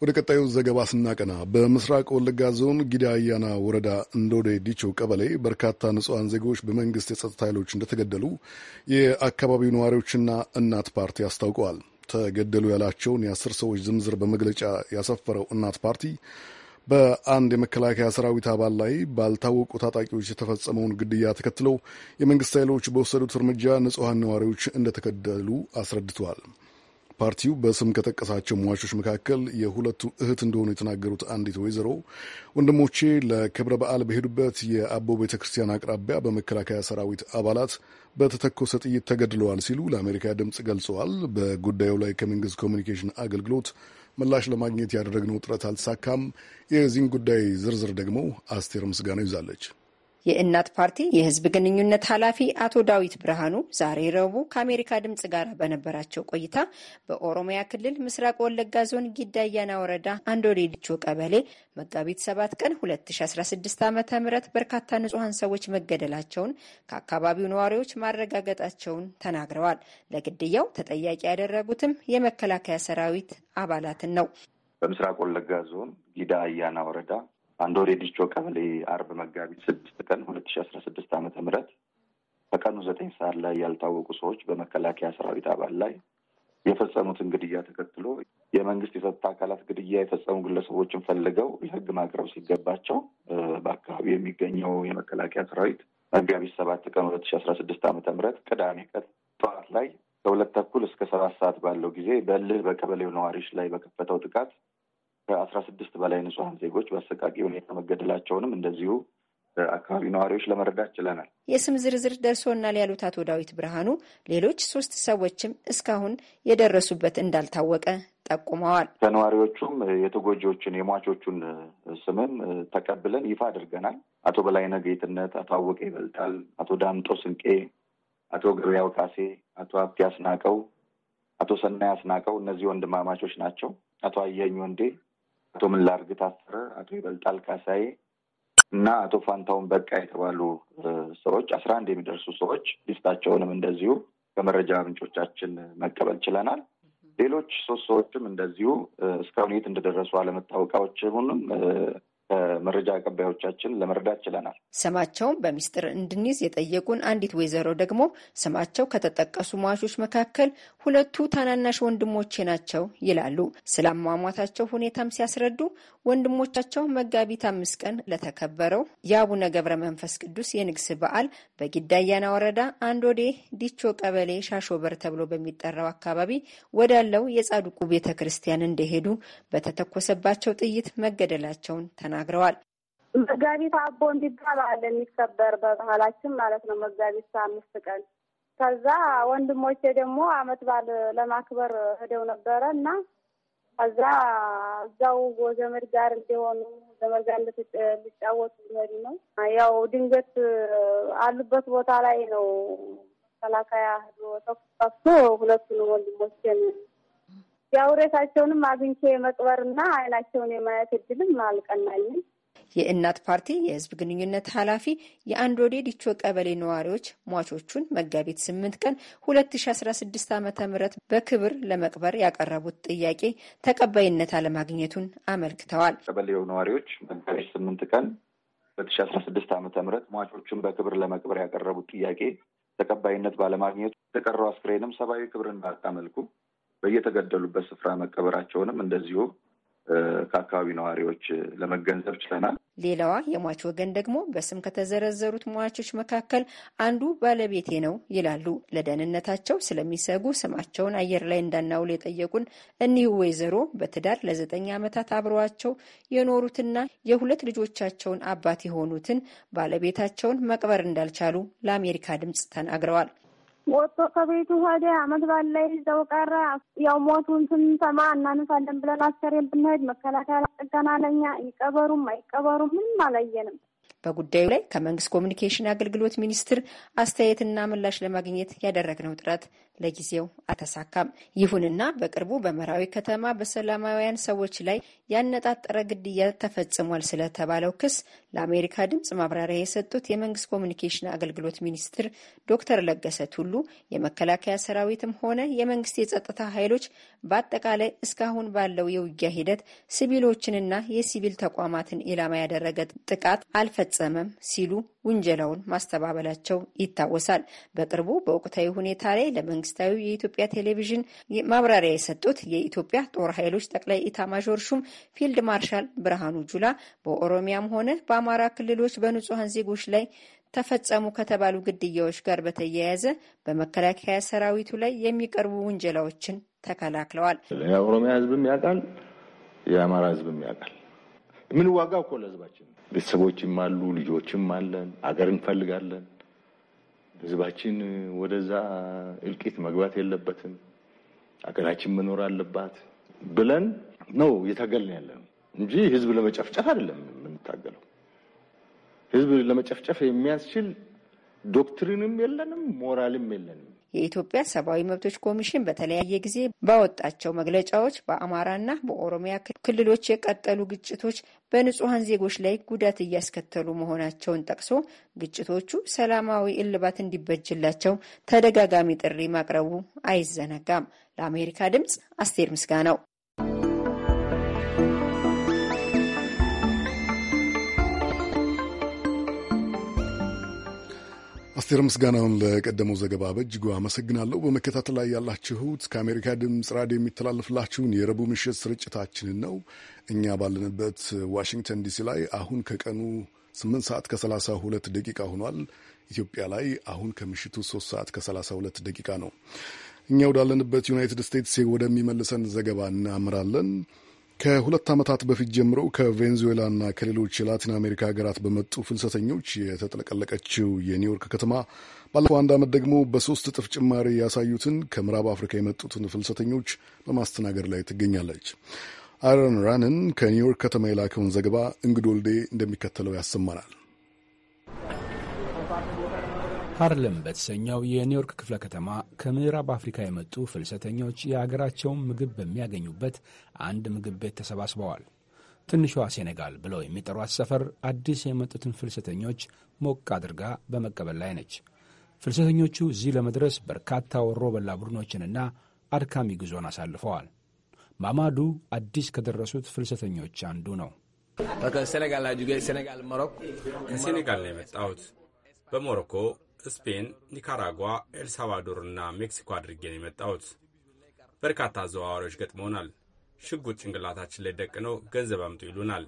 ወደ ቀጣዩ ዘገባ ስናቀና በምስራቅ ወለጋ ዞን ጊዳ አያና ወረዳ እንዶዴ ዲቾ ቀበሌ በርካታ ንጹሐን ዜጎች በመንግስት የጸጥታ ኃይሎች እንደተገደሉ የአካባቢው ነዋሪዎችና እናት ፓርቲ አስታውቀዋል። ተገደሉ ያላቸውን የአስር ሰዎች ዝምዝር በመግለጫ ያሰፈረው እናት ፓርቲ በአንድ የመከላከያ ሰራዊት አባል ላይ ባልታወቁ ታጣቂዎች የተፈጸመውን ግድያ ተከትለው የመንግስት ኃይሎች በወሰዱት እርምጃ ንጹሐን ነዋሪዎች እንደተገደሉ አስረድተዋል። ፓርቲው በስም ከጠቀሳቸው ሟቾች መካከል የሁለቱ እህት እንደሆኑ የተናገሩት አንዲት ወይዘሮ ወንድሞቼ ለክብረ በዓል በሄዱበት የአቦ ቤተ ክርስቲያን አቅራቢያ በመከላከያ ሰራዊት አባላት በተተኮሰ ጥይት ተገድለዋል ሲሉ ለአሜሪካ ድምፅ ገልጸዋል። በጉዳዩ ላይ ከመንግስት ኮሚኒኬሽን አገልግሎት ምላሽ ለማግኘት ያደረግነው ጥረት አልተሳካም። የዚህን ጉዳይ ዝርዝር ደግሞ አስቴር ምስጋና ይዛለች። የእናት ፓርቲ የህዝብ ግንኙነት ኃላፊ አቶ ዳዊት ብርሃኑ ዛሬ ረቡዕ ከአሜሪካ ድምጽ ጋር በነበራቸው ቆይታ በኦሮሚያ ክልል ምስራቅ ወለጋ ዞን ጊዳያና ወረዳ አንዶሌ ሊቾ ቀበሌ መጋቢት 7 ቀን 2016 ዓ ም በርካታ ንጹሐን ሰዎች መገደላቸውን ከአካባቢው ነዋሪዎች ማረጋገጣቸውን ተናግረዋል። ለግድያው ተጠያቂ ያደረጉትም የመከላከያ ሰራዊት አባላትን ነው። በምስራቅ ወለጋ ዞን ጊዳ አያና ወረዳ አንድ ወር የዲቾ ቀበሌ አርብ መጋቢት ስድስት ቀን ሁለት ሺ አስራ ስድስት ዓመተ ምህረት በቀኑ ዘጠኝ ሰዓት ላይ ያልታወቁ ሰዎች በመከላከያ ሰራዊት አባል ላይ የፈጸሙትን ግድያ ተከትሎ የመንግስት የጸጥታ አካላት ግድያ የፈጸሙ ግለሰቦችን ፈልገው ለህግ ማቅረብ ሲገባቸው በአካባቢ የሚገኘው የመከላከያ ሰራዊት መጋቢት ሰባት ቀን ሁለት ሺ አስራ ስድስት ዓመተ ምህረት ቅዳሜ ቀን ጠዋት ላይ ከሁለት ተኩል እስከ ሰባት ሰዓት ባለው ጊዜ በልህ በቀበሌው ነዋሪዎች ላይ በከፈተው ጥቃት ከአስራ ስድስት በላይ ንጹሐን ዜጎች በአሰቃቂ ሁኔታ መገደላቸውንም እንደዚሁ አካባቢ ነዋሪዎች ለመረዳት ችለናል። የስም ዝርዝር ደርሶናል ያሉት አቶ ዳዊት ብርሃኑ ሌሎች ሶስት ሰዎችም እስካሁን የደረሱበት እንዳልታወቀ ጠቁመዋል። ከነዋሪዎቹም የተጎጂዎችን የሟቾቹን ስምም ተቀብለን ይፋ አድርገናል። አቶ በላይነህ ጌትነት፣ አቶ አወቀ ይበልጣል፣ አቶ ዳምጦ ስንቄ፣ አቶ ገበያው ካሴ፣ አቶ ሀብቴ አስናቀው፣ አቶ ሰናይ አስናቀው እነዚህ ወንድማማቾች ናቸው። አቶ አየኝ ወንዴ አቶ ምላርግ ታሰረ፣ አቶ ይበልጣል ካሳዬ እና አቶ ፋንታውን በቃ የተባሉ ሰዎች አስራ አንድ የሚደርሱ ሰዎች ሊስታቸውንም እንደዚሁ ከመረጃ ምንጮቻችን መቀበል ችለናል። ሌሎች ሶስት ሰዎችም እንደዚሁ እስካሁን የት እንደደረሱ አለመታወቂያዎች ሁንም መረጃ አቀባዮቻችን ለመረዳት ችለናል። ስማቸውን በሚስጥር እንድንይዝ የጠየቁን አንዲት ወይዘሮ ደግሞ ስማቸው ከተጠቀሱ ሟቾች መካከል ሁለቱ ታናናሽ ወንድሞቼ ናቸው ይላሉ። ስለ አሟሟታቸው ሁኔታም ሲያስረዱ ወንድሞቻቸው መጋቢት አምስት ቀን ለተከበረው የአቡነ ገብረ መንፈስ ቅዱስ የንግስ በዓል በጊዳያና ወረዳ ወዴ ዲቾ ቀበሌ ሻሾበር ተብሎ በሚጠራው አካባቢ ወዳለው የጻድቁ ቤተ ክርስቲያን እንደሄዱ በተተኮሰባቸው ጥይት መገደላቸውን ተናል ተናግረዋል። መጋቢት አቦ እንዲባል አለ የሚከበር በባህላችን ማለት ነው። መጋቢት አምስት ቀን ከዛ ወንድሞቼ ደግሞ አመት በዓል ለማክበር ሄደው ነበረ እና ከዛ እዛው ዘመድ ጋር እንዲሆኑ ዘመድ ጋር እንድትጫወቱ ዘሪ ነው። ያው ድንገት አሉበት ቦታ ላይ ነው መከላከያ ተኩስ ከፍቶ ሁለቱን ወንድሞቼን የአውሬታቸውንም አግኝቼ የመቅበርና አይናቸውን የማየት እድልም አልቀናልም። የእናት ፓርቲ የህዝብ ግንኙነት ኃላፊ የአንድ ወዴ ዲቾ ቀበሌ ነዋሪዎች ሟቾቹን መጋቢት ስምንት ቀን ሁለት ሺ አስራ ስድስት ዓመተ ምህረት በክብር ለመቅበር ያቀረቡት ጥያቄ ተቀባይነት አለማግኘቱን አመልክተዋል። ቀበሌው ነዋሪዎች መጋቢት ስምንት ቀን ሁለት ሺ አስራ ስድስት ዓመተ ምህረት ሟቾቹን በክብር ለመቅበር ያቀረቡት ጥያቄ ተቀባይነት ባለማግኘቱ የተቀረው አስክሬንም ሰብአዊ ክብርን ባጣ መልኩ በየተገደሉበት ስፍራ መቀበራቸውንም እንደዚሁ ከአካባቢ ነዋሪዎች ለመገንዘብ ችለናል። ሌላዋ የሟች ወገን ደግሞ በስም ከተዘረዘሩት ሟቾች መካከል አንዱ ባለቤቴ ነው ይላሉ። ለደህንነታቸው ስለሚሰጉ ስማቸውን አየር ላይ እንዳናውል የጠየቁን እኒህ ወይዘሮ በትዳር ለዘጠኝ ዓመታት አብረዋቸው የኖሩትና የሁለት ልጆቻቸውን አባት የሆኑትን ባለቤታቸውን መቅበር እንዳልቻሉ ለአሜሪካ ድምፅ ተናግረዋል። ወጥቶ ከቤቱ ወደ አመት በዓል ላይ ይዘው ቀረ። ያው ሞቱን ስንሰማ እናነሳለን ብለን አስከሬን ብንሄድ መከላከያ ጥገና ለኛ ይቀበሩም አይቀበሩም ምንም አላየንም። በጉዳዩ ላይ ከመንግስት ኮሚኒኬሽን አገልግሎት ሚኒስቴር አስተያየትና ምላሽ ለማግኘት ያደረግነው ጥረት ለጊዜው አልተሳካም። ይሁንና በቅርቡ በመራዊ ከተማ በሰላማውያን ሰዎች ላይ ያነጣጠረ ግድያ ተፈጽሟል ስለተባለው ክስ ለአሜሪካ ድምፅ ማብራሪያ የሰጡት የመንግስት ኮሚኒኬሽን አገልግሎት ሚኒስትር ዶክተር ለገሰ ቱሉ የመከላከያ ሰራዊትም ሆነ የመንግስት የጸጥታ ኃይሎች በአጠቃላይ እስካሁን ባለው የውጊያ ሂደት ሲቪሎችንና የሲቪል ተቋማትን ኢላማ ያደረገ ጥቃት አልፈጸመም ሲሉ ውንጀላውን ማስተባበላቸው ይታወሳል። በቅርቡ በወቅታዊ ሁኔታ ላይ ለመንግስታዊ የኢትዮጵያ ቴሌቪዥን ማብራሪያ የሰጡት የኢትዮጵያ ጦር ኃይሎች ጠቅላይ ኢታማዦር ሹም ፊልድ ማርሻል ብርሃኑ ጁላ በኦሮሚያም ሆነ በአማራ ክልሎች በንጹሐን ዜጎች ላይ ተፈጸሙ ከተባሉ ግድያዎች ጋር በተያያዘ በመከላከያ ሰራዊቱ ላይ የሚቀርቡ ውንጀላዎችን ተከላክለዋል። የኦሮሚያ ህዝብም ያውቃል፣ የአማራ ህዝብም ያውቃል። ምን ዋጋ እኮ ለህዝባችን ቤተሰቦችም አሉ፣ ልጆችም አለን፣ አገር እንፈልጋለን። ህዝባችን ወደዛ እልቂት መግባት የለበትም፣ አገራችን መኖር አለባት ብለን ነው እየታገልን ያለ ነው እንጂ ህዝብ ለመጨፍጨፍ አይደለም የምንታገለው። ህዝብ ለመጨፍጨፍ የሚያስችል ዶክትሪንም የለንም፣ ሞራልም የለንም። የኢትዮጵያ ሰብአዊ መብቶች ኮሚሽን በተለያየ ጊዜ ባወጣቸው መግለጫዎች በአማራና በኦሮሚያ ክልሎች የቀጠሉ ግጭቶች በንጹሐን ዜጎች ላይ ጉዳት እያስከተሉ መሆናቸውን ጠቅሶ ግጭቶቹ ሰላማዊ እልባት እንዲበጅላቸው ተደጋጋሚ ጥሪ ማቅረቡ አይዘነጋም። ለአሜሪካ ድምፅ አስቴር ነው። አስቴር ምስጋናውን ለቀደመው ዘገባ በእጅጉ አመሰግናለሁ። በመከታተል ላይ ያላችሁት ከአሜሪካ ድምፅ ራዲዮ የሚተላለፍላችሁን የረቡዕ ምሽት ስርጭታችንን ነው። እኛ ባለንበት ዋሽንግተን ዲሲ ላይ አሁን ከቀኑ 8 ሰዓት ከ32 ደቂቃ ሆኗል። ኢትዮጵያ ላይ አሁን ከምሽቱ 3 ሰዓት ከ32 ደቂቃ ነው። እኛ ወዳለንበት ዩናይትድ ስቴትስ ወደሚመልሰን ዘገባ እናምራለን። ከሁለት ዓመታት በፊት ጀምሮ ከቬንዙዌላና ከሌሎች የላቲን አሜሪካ ሀገራት በመጡ ፍልሰተኞች የተጥለቀለቀችው የኒውዮርክ ከተማ ባለፈው አንድ ዓመት ደግሞ በሶስት እጥፍ ጭማሪ ያሳዩትን ከምዕራብ አፍሪካ የመጡትን ፍልሰተኞች በማስተናገድ ላይ ትገኛለች። አይረን ራንን ከኒውዮርክ ከተማ የላከውን ዘገባ እንግዶ ወልዴ እንደሚከተለው ያሰማናል። ሃርለም በተሰኘው የኒውዮርክ ክፍለ ከተማ ከምዕራብ አፍሪካ የመጡ ፍልሰተኞች የአገራቸውን ምግብ በሚያገኙበት አንድ ምግብ ቤት ተሰባስበዋል። ትንሿ ሴኔጋል ብለው የሚጠሯት ሰፈር አዲስ የመጡትን ፍልሰተኞች ሞቅ አድርጋ በመቀበል ላይ ነች። ፍልሰተኞቹ እዚህ ለመድረስ በርካታ ወሮ በላ ቡድኖችንና አድካሚ ጉዞን አሳልፈዋል። ማማዱ አዲስ ከደረሱት ፍልሰተኞች አንዱ ነው። ከሴኔጋል ነው የመጣሁት። በሞሮኮ ስፔን፣ ኒካራጓ፣ ኤልሳልቫዶር እና ሜክሲኮ አድርጌ ነው የመጣሁት። በርካታ አዘዋዋሪዎች ገጥመውናል። ሽጉጥ ጭንቅላታችን ላይ ደቅነው ገንዘብ አምጡ ይሉናል።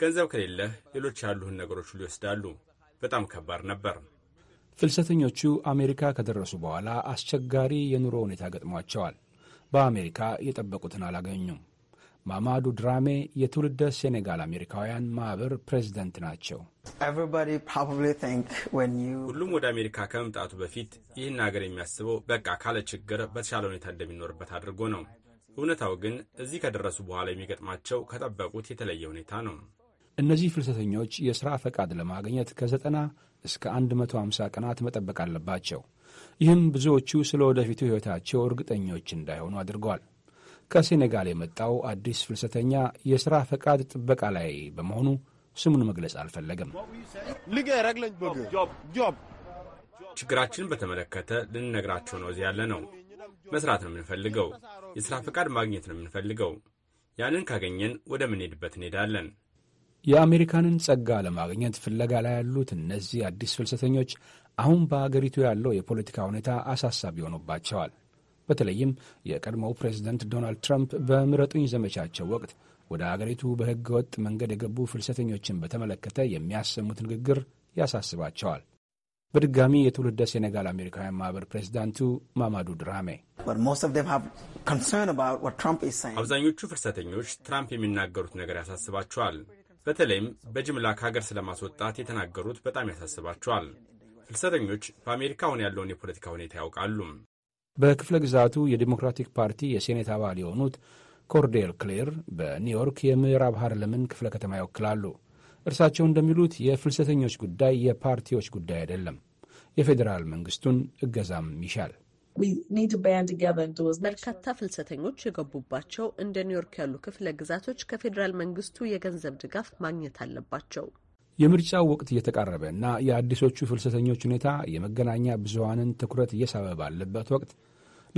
ገንዘብ ከሌለህ ሌሎች ያሉህን ነገሮች ሁሉ ይወስዳሉ። በጣም ከባድ ነበር። ፍልሰተኞቹ አሜሪካ ከደረሱ በኋላ አስቸጋሪ የኑሮ ሁኔታ ገጥሟቸዋል። በአሜሪካ የጠበቁትን አላገኙም። ማማዱ ድራሜ የትውልደ ሴኔጋል አሜሪካውያን ማህበር ፕሬዚደንት ናቸው። ሁሉም ወደ አሜሪካ ከመምጣቱ በፊት ይህን ሀገር የሚያስበው በቃ ካለ ችግር በተሻለ ሁኔታ እንደሚኖርበት አድርጎ ነው። እውነታው ግን እዚህ ከደረሱ በኋላ የሚገጥማቸው ከጠበቁት የተለየ ሁኔታ ነው። እነዚህ ፍልሰተኞች የሥራ ፈቃድ ለማግኘት ከዘጠና እስከ 150 ቀናት መጠበቅ አለባቸው። ይህም ብዙዎቹ ስለ ወደፊቱ ሕይወታቸው እርግጠኞች እንዳይሆኑ አድርገዋል። ከሴኔጋል የመጣው አዲስ ፍልሰተኛ የሥራ ፈቃድ ጥበቃ ላይ በመሆኑ ስሙን መግለጽ አልፈለገም። ችግራችንን በተመለከተ ልንነግራቸው ነው። እዚህ ያለ ነው መስራት ነው የምንፈልገው። የሥራ ፈቃድ ማግኘት ነው የምንፈልገው። ያንን ካገኘን ወደ ምንሄድበት እንሄዳለን። የአሜሪካንን ጸጋ ለማግኘት ፍለጋ ላይ ያሉት እነዚህ አዲስ ፍልሰተኞች አሁን በአገሪቱ ያለው የፖለቲካ ሁኔታ አሳሳቢ ሆኖባቸዋል። በተለይም የቀድሞው ፕሬዝደንት ዶናልድ ትራምፕ በምረጡኝ ዘመቻቸው ወቅት ወደ አገሪቱ በሕገ ወጥ መንገድ የገቡ ፍልሰተኞችን በተመለከተ የሚያሰሙት ንግግር ያሳስባቸዋል። በድጋሚ የትውልደ ሴኔጋል አሜሪካውያን ማህበር ፕሬዚዳንቱ ማማዱ ድራሜ አብዛኞቹ ፍልሰተኞች ትራምፕ የሚናገሩት ነገር ያሳስባቸዋል። በተለይም በጅምላ ከሀገር ስለማስወጣት የተናገሩት በጣም ያሳስባቸዋል። ፍልሰተኞች በአሜሪካ አሁን ያለውን የፖለቲካ ሁኔታ ያውቃሉ። በክፍለ ግዛቱ የዲሞክራቲክ ፓርቲ የሴኔት አባል የሆኑት ኮርዴል ክሌር በኒውዮርክ የምዕራብ ሃርለምን ክፍለ ከተማ ይወክላሉ። እርሳቸው እንደሚሉት የፍልሰተኞች ጉዳይ የፓርቲዎች ጉዳይ አይደለም፣ የፌዴራል መንግስቱን እገዛም ይሻል። በርካታ ፍልሰተኞች የገቡባቸው እንደ ኒውዮርክ ያሉ ክፍለ ግዛቶች ከፌዴራል መንግስቱ የገንዘብ ድጋፍ ማግኘት አለባቸው። የምርጫው ወቅት እየተቃረበ እና የአዲሶቹ ፍልሰተኞች ሁኔታ የመገናኛ ብዙሃንን ትኩረት እየሳበ ባለበት ወቅት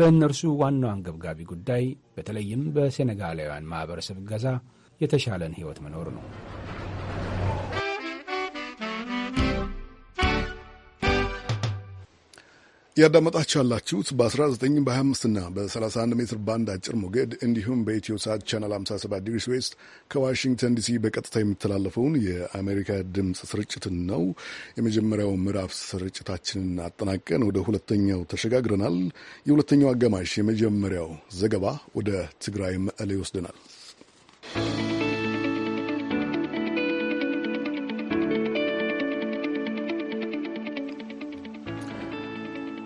ለእነርሱ ዋናው አንገብጋቢ ጉዳይ በተለይም በሴኔጋላውያን ማኅበረሰብ እገዛ የተሻለን ሕይወት መኖር ነው። እያዳመጣችሁ ያላችሁት በ19 በ25ና በ31 ሜትር ባንድ አጭር ሞገድ እንዲሁም በኢትዮ ሳት ቻናል 57 ዲግሪ ስዌስት ከዋሽንግተን ዲሲ በቀጥታ የሚተላለፈውን የአሜሪካ ድምፅ ስርጭትን ነው። የመጀመሪያው ምዕራፍ ስርጭታችንን አጠናቀን ወደ ሁለተኛው ተሸጋግረናል። የሁለተኛው አጋማሽ የመጀመሪያው ዘገባ ወደ ትግራይ መቀሌ ይወስደናል።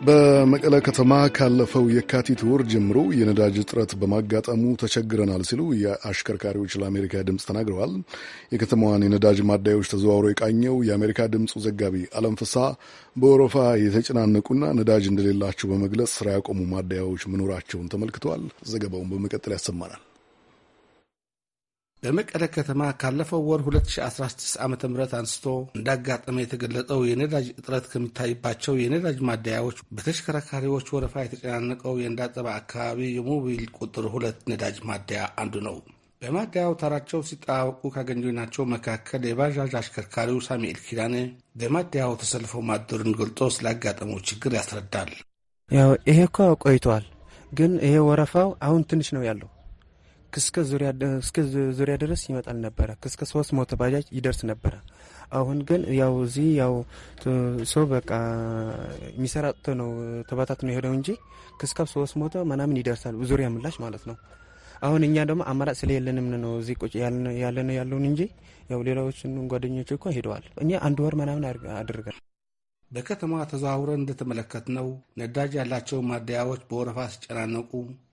በመቀለ ከተማ ካለፈው የካቲት ወር ጀምሮ የነዳጅ እጥረት በማጋጠሙ ተቸግረናል ሲሉ የአሽከርካሪዎች ለአሜሪካ ድምፅ ተናግረዋል። የከተማዋን የነዳጅ ማደያዎች ተዘዋውሮ የቃኘው የአሜሪካ ድምፁ ዘጋቢ አለም ፍሳ በወረፋ የተጨናነቁና ነዳጅ እንደሌላቸው በመግለጽ ስራ ያቆሙ ማደያዎች መኖራቸውን ተመልክተዋል። ዘገባውን በመቀጠል ያሰማናል። በመቀለ ከተማ ካለፈው ወር 2016 ዓ ም አንስቶ እንዳጋጠመ የተገለጸው የነዳጅ እጥረት ከሚታይባቸው የነዳጅ ማደያዎች በተሽከርካሪዎች ወረፋ የተጨናነቀው የእንዳጠባ አካባቢ የሞቢል ቁጥር ሁለት ነዳጅ ማደያ አንዱ ነው። በማደያው ተራቸው ሲጠባበቁ ካገኘናቸው መካከል የባጃጅ አሽከርካሪው ሳሙኤል ኪዳኔ በማደያው ተሰልፈው ማደሩን ገልጾ ስላጋጠመው ችግር ያስረዳል። ያው ይሄ እኮ ቆይተዋል፣ ግን ይሄ ወረፋው አሁን ትንሽ ነው ያለው እስከ ዙሪያ ድረስ ይመጣል ነበረ። እስከ ሶስት ሞት ባጃጅ ይደርስ ነበረ። አሁን ግን ያው እዚህ ያው ሰው በቃ የሚሰራጥቶ ነው ነው የሄደው እንጂ ክስከብ ሶስት ሞተ ምናምን ይደርሳል ዙሪያ ምላሽ ማለት ነው። አሁን እኛ ደግሞ አማራጭ ስለሌለንም ነው እዚህ ቁጭ ያለነ ያለውን እንጂ ያው ሌላዎችን ጓደኞች እኮ ሄደዋል። እኛ አንድ ወር ምናምን አድርገን በከተማዋ ተዘዋውረን እንደተመለከትነው ነዳጅ ያላቸው ማደያዎች በወረፋ ሲጨናነቁ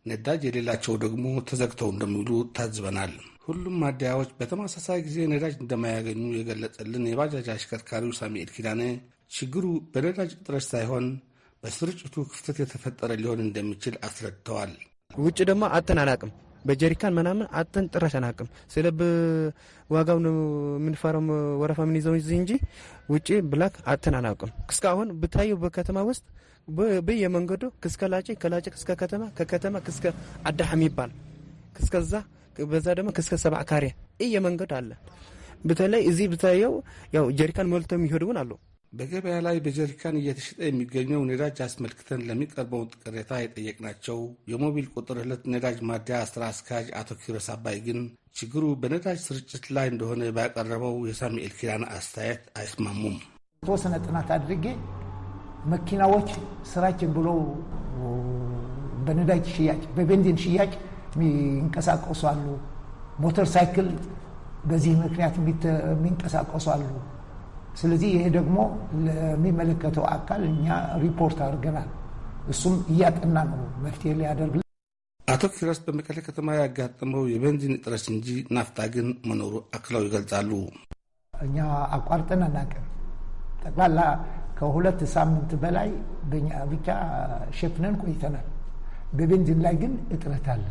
ነዳጅ የሌላቸው ደግሞ ተዘግተው እንደሚውሉ ታዝበናል። ሁሉም ማደያዎች በተመሳሳይ ጊዜ ነዳጅ እንደማያገኙ የገለጸልን የባጃጅ አሽከርካሪው ሳሚኤል ኪዳነ ችግሩ በነዳጅ እጥረት ሳይሆን በስርጭቱ ክፍተት የተፈጠረ ሊሆን እንደሚችል አስረድተዋል። ውጭ ደግሞ አተን አናቅም፣ በጀሪካን ምናምን አተን ጥረሽ አናቅም። ስለ ዋጋው የምንፈረም ወረፋ የምንይዘው እንጂ ውጭ ብላክ አተን አናቅም። እስካሁን ብታየው በከተማ ውስጥ በየመንገዱ እስከ ላጭ ከላጭ ክስከ ከተማ ከከተማ ክስከ አዳሐም የሚባል ክስከዛ በዛ ደግሞ ክስከ ሰባ ካሬ እየመንገድ አለ። በተለይ እዚህ ብታየው ያው ጀሪካን ሞልቶ የሚሄዱውን አሉ። በገበያ ላይ በጀሪካን እየተሸጠ የሚገኘው ነዳጅ አስመልክተን ለሚቀርበው ቅሬታ የጠየቅናቸው የሞቢል ቁጥር ሁለት ነዳጅ ማደያ ስራ አስኪያጅ አቶ ኪሮስ አባይ ግን ችግሩ በነዳጅ ስርጭት ላይ እንደሆነ ባቀረበው የሳሙኤል ኪዳን አስተያየት አይስማሙም። የተወሰነ ጥናት አድርጌ መኪናዎች ስራችን ብሎ በነዳጅ ሽያጭ፣ በቤንዚን ሽያጭ የሚንቀሳቀሱ አሉ። ሞተር ሳይክል በዚህ ምክንያት የሚንቀሳቀሱ አሉ። ስለዚህ ይሄ ደግሞ ለሚመለከተው አካል እኛ ሪፖርት አድርገናል። እሱም እያጠና ነው መፍትሄ ሊያደርግ አቶ ኪሮስ በመቀሌ ከተማ ያጋጠመው የቤንዚን እጥረት እንጂ ናፍጣ ግን መኖሩ አክለው ይገልጻሉ። እኛ አቋርጠን አናውቅም። ጠቅላላ ከሁለት ሳምንት በላይ በኛ ብቻ ሸፍነን ቆይተናል። በቤንዚን ላይ ግን እጥረት አለ።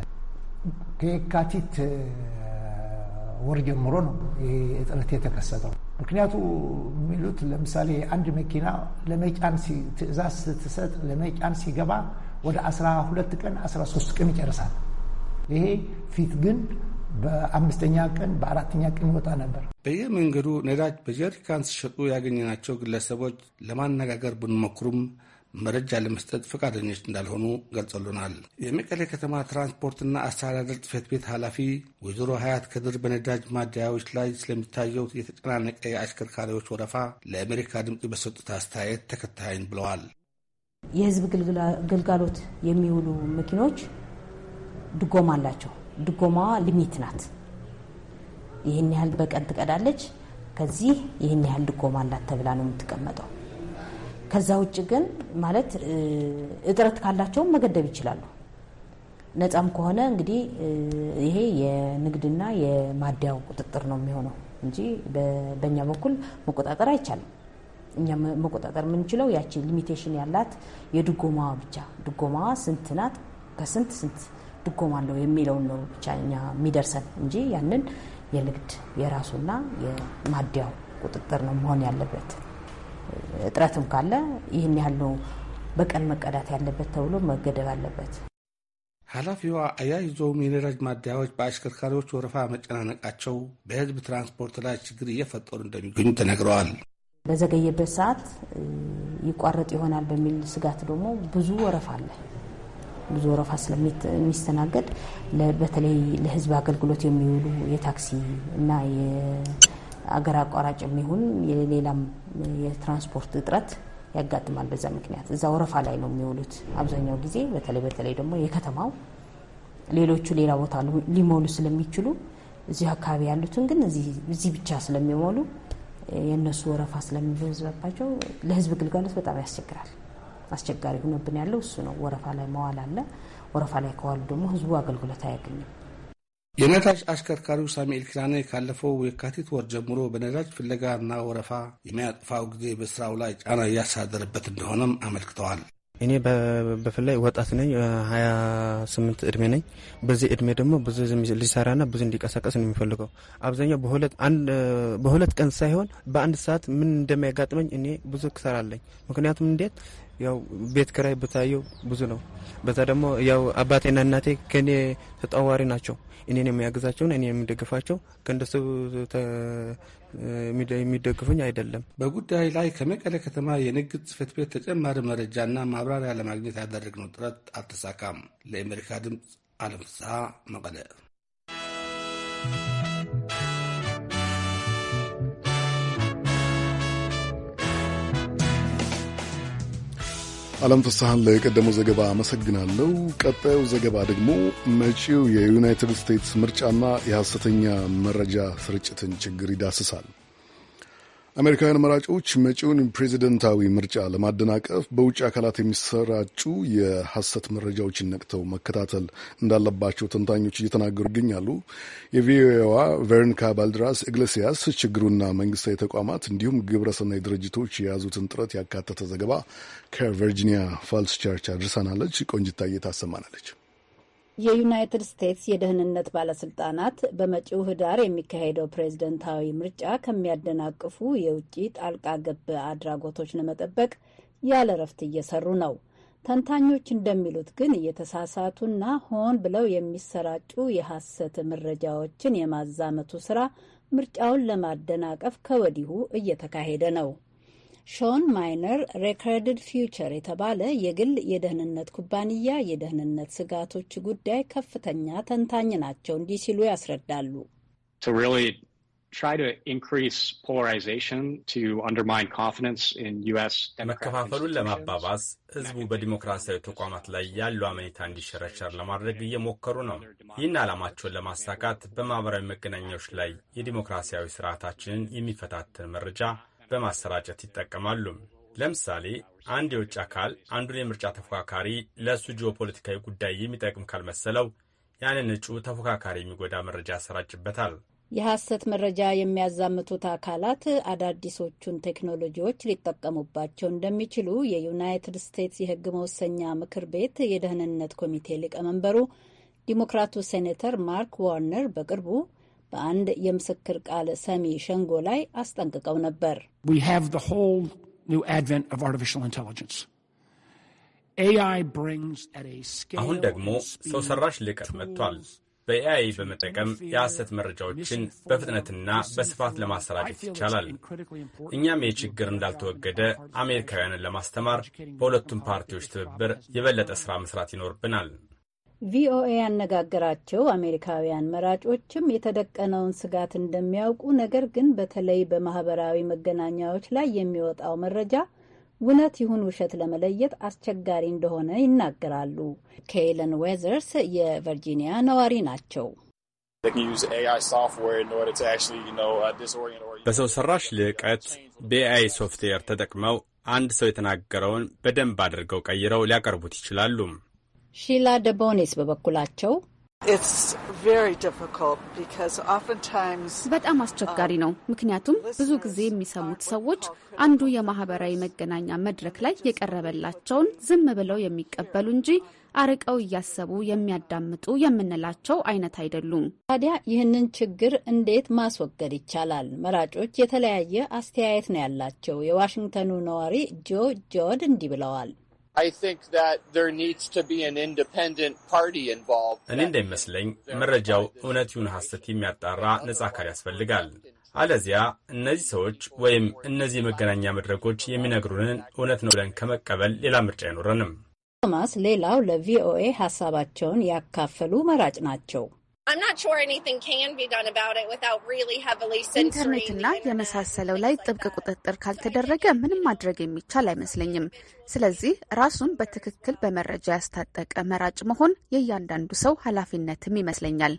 ከየካቲት ወር ጀምሮ ነው ይሄ እጥረት የተከሰተው። ምክንያቱ የሚሉት ለምሳሌ አንድ መኪና ለመጫን ትዕዛዝ ስትሰጥ ለመጫን ሲገባ ወደ 12 ቀን 13 ቀን ይጨርሳል። ይሄ ፊት ግን በአምስተኛ ቀን በአራተኛ ቀን ይወጣ ነበር። በየመንገዱ ነዳጅ በጀሪካን ሲሸጡ ያገኘናቸው ግለሰቦች ለማነጋገር ብንሞክሩም መረጃ ለመስጠት ፈቃደኞች እንዳልሆኑ ገልጸሉናል። የመቀሌ ከተማ ትራንስፖርትና አስተዳደር ጽሕፈት ቤት ኃላፊ ወይዘሮ ሀያት ከድር በነዳጅ ማደያዎች ላይ ስለሚታየው የተጨናነቀ የአሽከርካሪዎች ወረፋ ለአሜሪካ ድምፅ በሰጡት አስተያየት ተከታይን ብለዋል። የሕዝብ ግልጋሎት የሚውሉ መኪኖች ድጎማ አላቸው። ድጎማዋ ሊሚት ናት። ይህን ያህል በቀን ትቀዳለች፣ ከዚህ ይህን ያህል ድጎማ አላት ተብላ ነው የምትቀመጠው። ከዛ ውጭ ግን ማለት እጥረት ካላቸውም መገደብ ይችላሉ። ነጻም ከሆነ እንግዲህ ይሄ የንግድና የማደያው ቁጥጥር ነው የሚሆነው እንጂ በእኛ በኩል መቆጣጠር አይቻልም። እኛ መቆጣጠር የምንችለው ያቺ ሊሚቴሽን ያላት የድጎማዋ ብቻ ድጎማዋ ስንት ናት? ከስንት ስንት ድጎማ የሚለውን ነው ብቻኛ የሚደርሰን እንጂ ያንን የንግድ የራሱና የማደያው ቁጥጥር ነው መሆን ያለበት። እጥረትም ካለ ይህን ያህል ነው በቀን መቀዳት ያለበት ተብሎ መገደብ አለበት። ኃላፊዋ አያይዞውም የነዳጅ ማደያዎች በአሽከርካሪዎች ወረፋ መጨናነቃቸው በሕዝብ ትራንስፖርት ላይ ችግር እየፈጠሩ እንደሚገኙ ተነግረዋል። በዘገየበት ሰዓት ይቋረጥ ይሆናል በሚል ስጋት ደግሞ ብዙ ወረፋ አለ። ብዙ ወረፋ ስለሚስተናገድ በተለይ ለህዝብ አገልግሎት የሚውሉ የታክሲ እና የአገር አቋራጭ የሚሆን የሌላም የትራንስፖርት እጥረት ያጋጥማል። በዛ ምክንያት እዛ ወረፋ ላይ ነው የሚውሉት አብዛኛው ጊዜ። በተለይ በተለይ ደግሞ የከተማው ሌሎቹ ሌላ ቦታ ሊሞሉ ስለሚችሉ እዚህ አካባቢ ያሉትን ግን እዚህ ብቻ ስለሚሞሉ የእነሱ ወረፋ ስለሚበዛባቸው ለህዝብ ግልጋሎት በጣም ያስቸግራል። አስቸጋሪ ሆነብን ያለው እሱ ነው። ወረፋ ላይ መዋል አለ። ወረፋ ላይ ከዋሉ ደግሞ ህዝቡ አገልግሎት አያገኝም። የነዳጅ አሽከርካሪው ሳሙኤል ኪራኔ ካለፈው የካቲት ወር ጀምሮ በነዳጅ ፍለጋና ወረፋ የሚያጥፋው ጊዜ በስራው ላይ ጫና እያሳደረበት እንደሆነም አመልክተዋል። እኔ በፍላይ ወጣት ነኝ፣ ሀያ ስምንት እድሜ ነኝ። በዚህ እድሜ ደግሞ ብዙ ሊሰራና ብዙ እንዲቀሳቀስ ነው የሚፈልገው። አብዛኛው በሁለት ቀን ሳይሆን በአንድ ሰዓት ምን እንደሚያጋጥመኝ እኔ ብዙ ክሰራለኝ። ምክንያቱም እንዴት ያው ቤት ክራይ ብታየው ብዙ ነው። በዛ ደግሞ ያው አባቴና እናቴ ከኔ ተጣዋሪ ናቸው። እኔን የሚያግዛቸውን እኔ የሚደግፋቸው ከእንደሱ የሚደግፉኝ አይደለም። በጉዳይ ላይ ከመቀለ ከተማ የንግድ ጽሕፈት ቤት ተጨማሪ መረጃና ማብራሪያ ለማግኘት ያደረግነው ጥረት አልተሳካም። ለአሜሪካ ድምፅ አለም ፍስሐ መቀለ አለም ፍስሐን ለቀደመው ዘገባ አመሰግናለሁ። ቀጣዩ ዘገባ ደግሞ መጪው የዩናይትድ ስቴትስ ምርጫና የሐሰተኛ መረጃ ስርጭትን ችግር ይዳስሳል። አሜሪካውያን መራጮች መጪውን ፕሬዚደንታዊ ምርጫ ለማደናቀፍ በውጭ አካላት የሚሰራጩ የሐሰት መረጃዎችን ነቅተው መከታተል እንዳለባቸው ተንታኞች እየተናገሩ ይገኛሉ። የቪኦኤዋ ቬርንካ ባልድራስ ኢግሌሲያስ ችግሩና መንግስታዊ ተቋማት እንዲሁም ግብረሰናይ ድርጅቶች የያዙትን ጥረት ያካተተ ዘገባ ከቨርጂኒያ ፋልስ ቸርች አድርሳናለች። ቆንጅታዬ ታሰማናለች። የዩናይትድ ስቴትስ የደህንነት ባለስልጣናት በመጪው ህዳር የሚካሄደው ፕሬዝደንታዊ ምርጫ ከሚያደናቅፉ የውጭ ጣልቃ ገብ አድራጎቶች ለመጠበቅ ያለ ረፍት እየሰሩ ነው። ተንታኞች እንደሚሉት ግን እየተሳሳቱና ሆን ብለው የሚሰራጩ የሐሰት መረጃዎችን የማዛመቱ ስራ ምርጫውን ለማደናቀፍ ከወዲሁ እየተካሄደ ነው። ሾን ማይነር ሬከርድድ ፊውቸር የተባለ የግል የደህንነት ኩባንያ የደህንነት ስጋቶች ጉዳይ ከፍተኛ ተንታኝ ናቸው። እንዲህ ሲሉ ያስረዳሉ። መከፋፈሉን ለማባባስ ህዝቡ በዲሞክራሲያዊ ተቋማት ላይ ያለው አመኔታ እንዲሸረሸር ለማድረግ እየሞከሩ ነው። ይህን ዓላማቸውን ለማሳካት በማህበራዊ መገናኛዎች ላይ የዲሞክራሲያዊ ስርዓታችንን የሚፈታትን መረጃ በማሰራጨት ይጠቀማሉ። ለምሳሌ አንድ የውጭ አካል አንዱን የምርጫ ተፎካካሪ ለእሱ ጂኦፖለቲካዊ ጉዳይ የሚጠቅም ካልመሰለው ያንን እጩ ተፎካካሪ የሚጎዳ መረጃ ያሰራጭበታል። የሐሰት መረጃ የሚያዛምቱት አካላት አዳዲሶቹን ቴክኖሎጂዎች ሊጠቀሙባቸው እንደሚችሉ የዩናይትድ ስቴትስ የሕግ መወሰኛ ምክር ቤት የደህንነት ኮሚቴ ሊቀመንበሩ ዲሞክራቱ ሴኔተር ማርክ ዋርነር በቅርቡ በአንድ የምስክር ቃል ሰሚ ሸንጎ ላይ አስጠንቅቀው ነበር። አሁን ደግሞ ሰው ሰራሽ ልቀት መጥቷል። በኤአይ በመጠቀም የሐሰት መረጃዎችን በፍጥነትና በስፋት ለማሰራጨት ይቻላል። እኛም ይህ ችግር እንዳልተወገደ አሜሪካውያንን ለማስተማር በሁለቱም ፓርቲዎች ትብብር የበለጠ ሥራ መሥራት ይኖርብናል። ቪኦኤ ያነጋገራቸው አሜሪካውያን መራጮችም የተደቀነውን ስጋት እንደሚያውቁ፣ ነገር ግን በተለይ በማህበራዊ መገናኛዎች ላይ የሚወጣው መረጃ ውነት ይሁን ውሸት ለመለየት አስቸጋሪ እንደሆነ ይናገራሉ። ኬይለን ዌዘርስ የቨርጂኒያ ነዋሪ ናቸው። በሰው ሰራሽ ልዕቀት በኤአይ ሶፍትዌር ተጠቅመው አንድ ሰው የተናገረውን በደንብ አድርገው ቀይረው ሊያቀርቡት ይችላሉ። ሺላ ደቦኔስ በበኩላቸው በጣም አስቸጋሪ ነው። ምክንያቱም ብዙ ጊዜ የሚሰሙት ሰዎች አንዱ የማህበራዊ መገናኛ መድረክ ላይ የቀረበላቸውን ዝም ብለው የሚቀበሉ እንጂ አርቀው እያሰቡ የሚያዳምጡ የምንላቸው አይነት አይደሉም። ታዲያ ይህንን ችግር እንዴት ማስወገድ ይቻላል? መራጮች የተለያየ አስተያየት ነው ያላቸው። የዋሽንግተኑ ነዋሪ ጆ ጆድ እንዲህ ብለዋል። እኔ እንደሚመስለኝ መረጃው እውነት ይሁን ሐሰት የሚያጣራ ነጻ አካል ያስፈልጋል። አለዚያ እነዚህ ሰዎች ወይም እነዚህ የመገናኛ መድረኮች የሚነግሩንን እውነት ነው ብለን ከመቀበል ሌላ ምርጫ አይኖረንም። ቶማስ ሌላው ለቪኦኤ ሀሳባቸውን ያካፈሉ መራጭ ናቸው። ኢንተርኔትና የመሳሰለው ላይ ጥብቅ ቁጥጥር ካልተደረገ ምንም ማድረግ የሚቻል አይመስለኝም። ስለዚህ ራሱን በትክክል በመረጃ ያስታጠቀ መራጭ መሆን የእያንዳንዱ ሰው ኃላፊነትም ይመስለኛል።